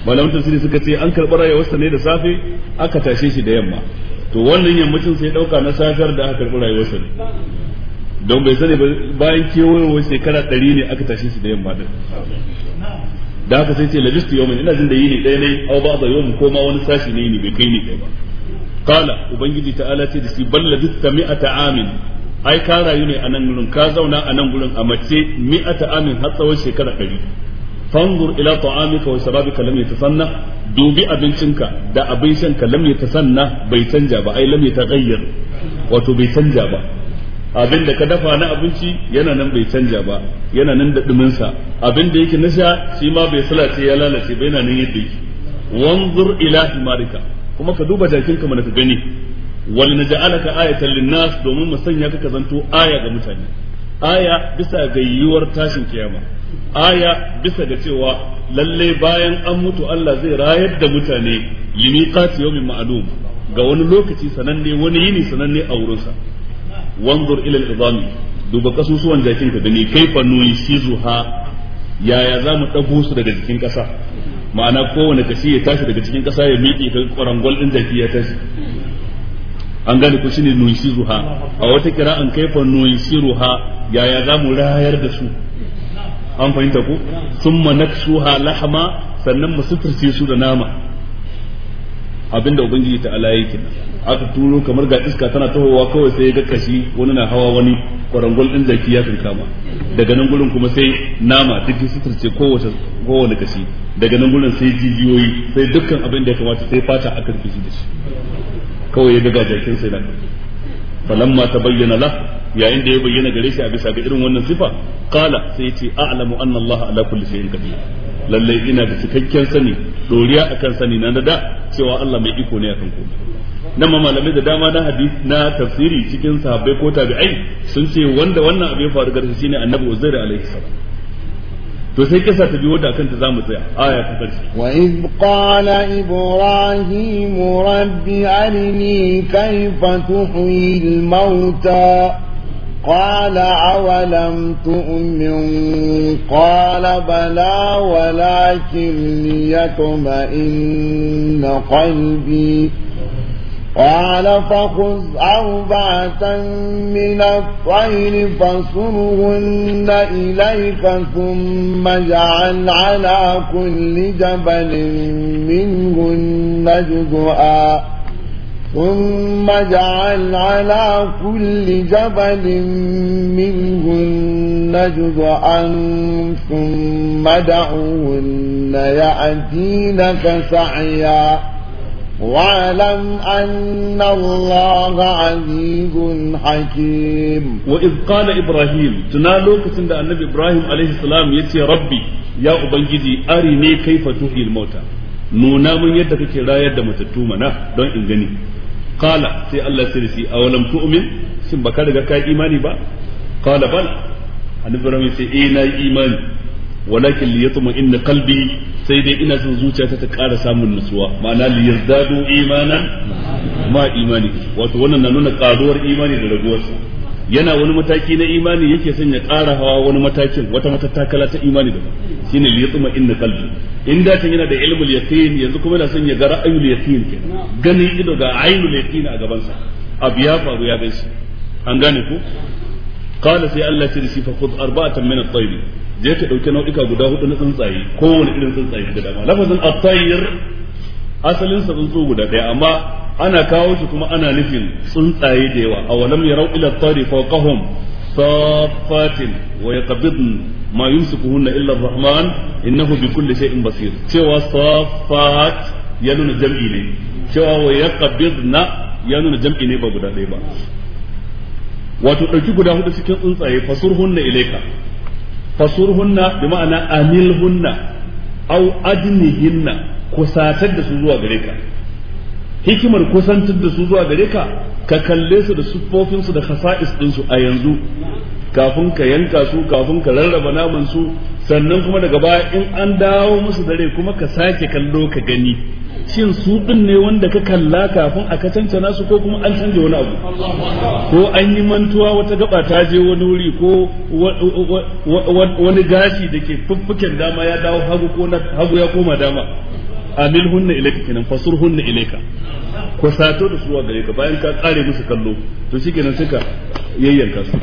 Speaker 1: malamin tafsiri suka ce an karɓi wasta ne da safe aka tashe shi da yamma to wannan yammacin sai ɗauka na safiyar da aka karɓi wasta ne don bai sani ba bayan kewayowar shekara ɗari ne aka tashe shi da yamma din da haka sai ce lajistu yau ina jin da yi ne ɗaya ne au ba da yawmin ko ma wani sashi ne ne bai kai ni ɗaya ba kala ubangiji ta'ala ce da shi bal mi'a mi'ata amin ai ka rayu ne a nan gurin ka zauna a nan gurin a mace mi'ata amin har tsawon shekara ɗari fanzur ila ta'amika wa sharabika lam yatasanna dubi abincinka da abin shanka lam yatasanna bai canja ba ai lam yataghayyar wato bai canja ba abin da ka dafa na abinci yana nan bai canja ba yana nan da duminsa abin da yake na sha shi ma bai salace ya lalace ba yana nan yadda yake wanzur ila himarika kuma ka duba jakinka mana ka gani wal naj'alaka ayatan linnas domin mu sanya ka zanto aya ga mutane aya bisa ga yiwuwar tashin kiyama aya bisa ga cewa lallai bayan an mutu Allah zai rayar da mutane limiqati yawmin ma'lum ga wani lokaci sananne wani yini sananne a wurinsa wanzur ila al-izami duba kasusuwan jakin ka gani kaifa sizuha yaya zamu mu dago su daga jikin kasa ma'ana kowane kashi ya tashi daga cikin kasa ya miƙe ka kwarangwal din jaki ya tashi an gane ku shine zuha a wata kira'an kaifa nunsiruha yaya za mu rayar da su an fahimta ku summa naksuha lahma sannan mu suturce su da nama abinda ubangiji ta ala yake aka turo kamar ga iska tana tahowa kawai sai ga kashi wani na hawa wani kwarangol din zaki ya kama daga nan gurin kuma sai nama duk suturce kowace kowane kashi daga nan gurin sai jijiyoyi sai dukkan abin da ya kamata sai fata aka rufe da shi kawai ya daga jakin sai nan falamma tabayyana la yayin da ya bayyana gare shi a bisa ga irin wannan sifa qala sai yace a'lamu anna Allah ala kulli shay'in qadir lalle ina da cikakken sani doriya akan sani na da cewa Allah mai iko ne akan komai nan ma malamai da dama na hadisi na tafsiri cikin sahabbai ko tabi'ai sun ce wanda wannan abin ya faru gare shi shine annabi Uzair alaihi salam to sai kisa ta biyo da kanta zamu tsaya aya ta karshe wa iz
Speaker 2: qala ibrahim rabbi arini kayfa tuhyi mauta قال أولم تؤمن قال بلى ولكن ليطمئن قلبي قال فخذ أربعة من الطير فصرهن إليك ثم اجعل على كل جبل منهن جزءا ثم اجعل على كل جبل منهن جزءا ثم دعوهن يأتينك سعيا واعلم أن الله عزيز حكيم
Speaker 1: وإذ قال إبراهيم تنالو كسند النبي إبراهيم عليه السلام يتي ربي يا أبنجدي أرني كيف تحيي الموتى nuna mun yadda kake rayar da matattu mana don in gani qala sai Allah sai shi awalam tu'min shin baka riga ka imani ba qala sai eh na imani walakin li yatma inna qalbi sai dai ina son zuciyata ta ƙara samun nutsuwa ma'ana li yazdadu imanan ma imani wato wannan na nuna karuwar imani da raguwarsa yana wani mataki na imani yake sanya ƙara hawa wani matakin wata matattakala ta imani da shine li yatma inna qalbi in da can yana da ilmul yaqin yanzu kuma yana son ya ga ra'ayul yaqin ke ganin ido ga ainul yaqin a gaban sa abu ya faru ya gaishe an gane ku. qala sai Allah ya ce shi fa khudh arba'atan min at-tayr je ka dauki nau'ika guda hudu na tsuntsaye kowane irin tsuntsaye da dama lafazin at asalin sa tsuntsu guda daya amma ana kawo shi kuma ana nufin tsuntsaye da yawa awalam yarau ila tari fawqahum safatin wa yaqbidun ma yumsikuhunna illa arrahman rahman innahu bikulli shay'in basir cewa safat ya nuna jam'i ne cewa wa yaqbidna ya nuna jam'i ne ba guda daya ba wato dauki guda hudu cikin tsuntsaye fasurhunna ilayka fasurhunna bi ma'ana amilhunna au adnihinna kusatar da su zuwa gare ka hikimar kusantar da su zuwa gare ka ka kalle su da siffofin su da khasa'is din su a yanzu kafin ka yanka su kafin ka rarraba naman su sannan kuma daga baya in an dawo musu dare kuma ka sake kallo ka gani shin su din ne wanda ka kalla kafin a ka cancana su ko kuma an canja wani abu ko an yi mantuwa wata gaba ta je wani wuri ko wani gashi da ke fuffuken dama ya dawo hagu ko na hagu ya koma dama amil hunna ilaika kenan fasur hunna ilaika ko sato da suwa gare ka bayan ka kare musu kallo to shikenan suka yayyanka su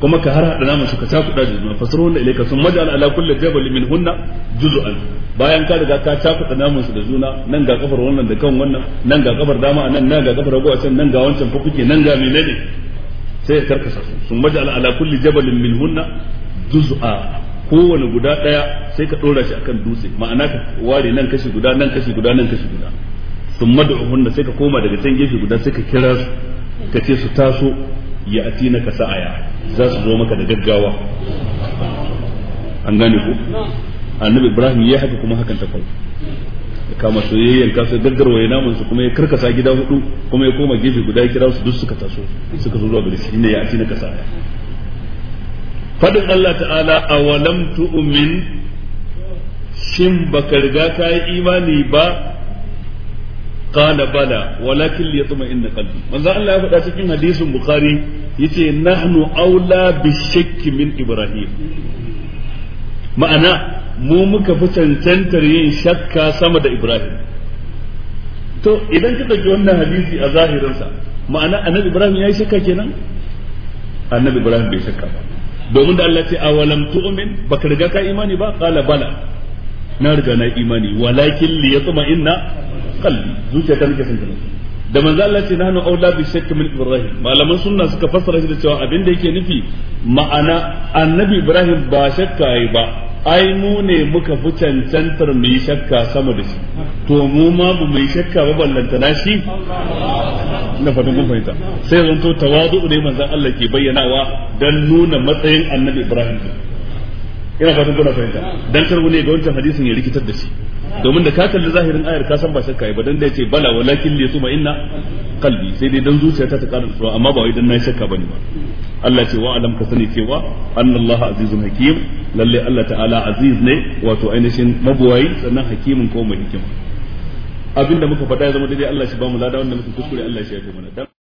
Speaker 1: kuma ka har hada namun ka cakuɗa da juna fasar hunna ilaika sun majal ala kulli jabal min hunna juz'an bayan ka riga ka cakuɗa namun su da juna nan ga kafar wannan da kan wannan nan ga kafar dama nan nan ga kafar hagu can nan ga wancan fa kuke nan ga menene sai ya karkasa su sun majal ala kulli jabal min hunna juz'a kowane guda daya sai ka ɗora shi akan dutse ma'ana ka ware nan kashi guda nan kashi guda nan kashi guda sun hunna sai ka koma daga can gefe guda sai ka kira su ka ce su taso ya na ka sa'aya za su zo maka da gaggawa an gane ku annabi ibrahim ya haka kuma hakan ta faru kama soyayyen kasa gaggarwa ya namun su kuma ya karkasa gida hudu kuma ya koma gefe guda ya kira su duk suka taso suka zo zuwa gare shi ne ya na ka sa'aya fadin Allah ta'ala awalam tu'min shin baka riga ka yi imani ba qala bala walakin liyatma'inna qalbi manzo Allah ya faɗa cikin hadisin bukhari yace nahnu aula bishakki min ibrahim ma'ana mu muka fi cancantar yin shakka sama da ibrahim to idan ka ɗauki wannan hadisi a zahirinsa ma'ana annabi ibrahim ya yi shakka kenan annabi ibrahim bai shakka ba domin da Allah ce awalam tu'min baka riga ka imani ba qala bala na riga na imani walakin li yatma inna qalbi zuciyata nake son kana da manzo Allah ce nahnu aula bi shakk min ibrahim malaman sunna suka fassara shi da cewa abin da yake nufi ma'ana annabi ibrahim ba shakka ba ai mu ne muka fi cancantar mu yi shakka sama da shi to mu ma bu mu yi shakka ba ballanta na shi na fatan kun fahimta sai zanto tawadu ne manzo Allah ke bayyanawa dan nuna matsayin annabi ibrahim ina fatan kuna fahimta dan kar ne ga wancan hadisin ya rikitar da shi domin da ka kalli zahirin ayar ka san ba shakka ba dan da yace bala walakin li yusma inna qalbi sai dai dan zuciyata ta ƙara tsoro amma ba wai dan na shakka bane ba Allah ce wa alam ka sani cewa annallahu azizun hakim lalle Allah ta'ala aziz ne wato ainihin mabuwayi sannan hakimin ko mai hikima abinda muka faɗa ya zama daidai Allah shi ba mu lada wanda muka kuskure Allah shi ya fi mana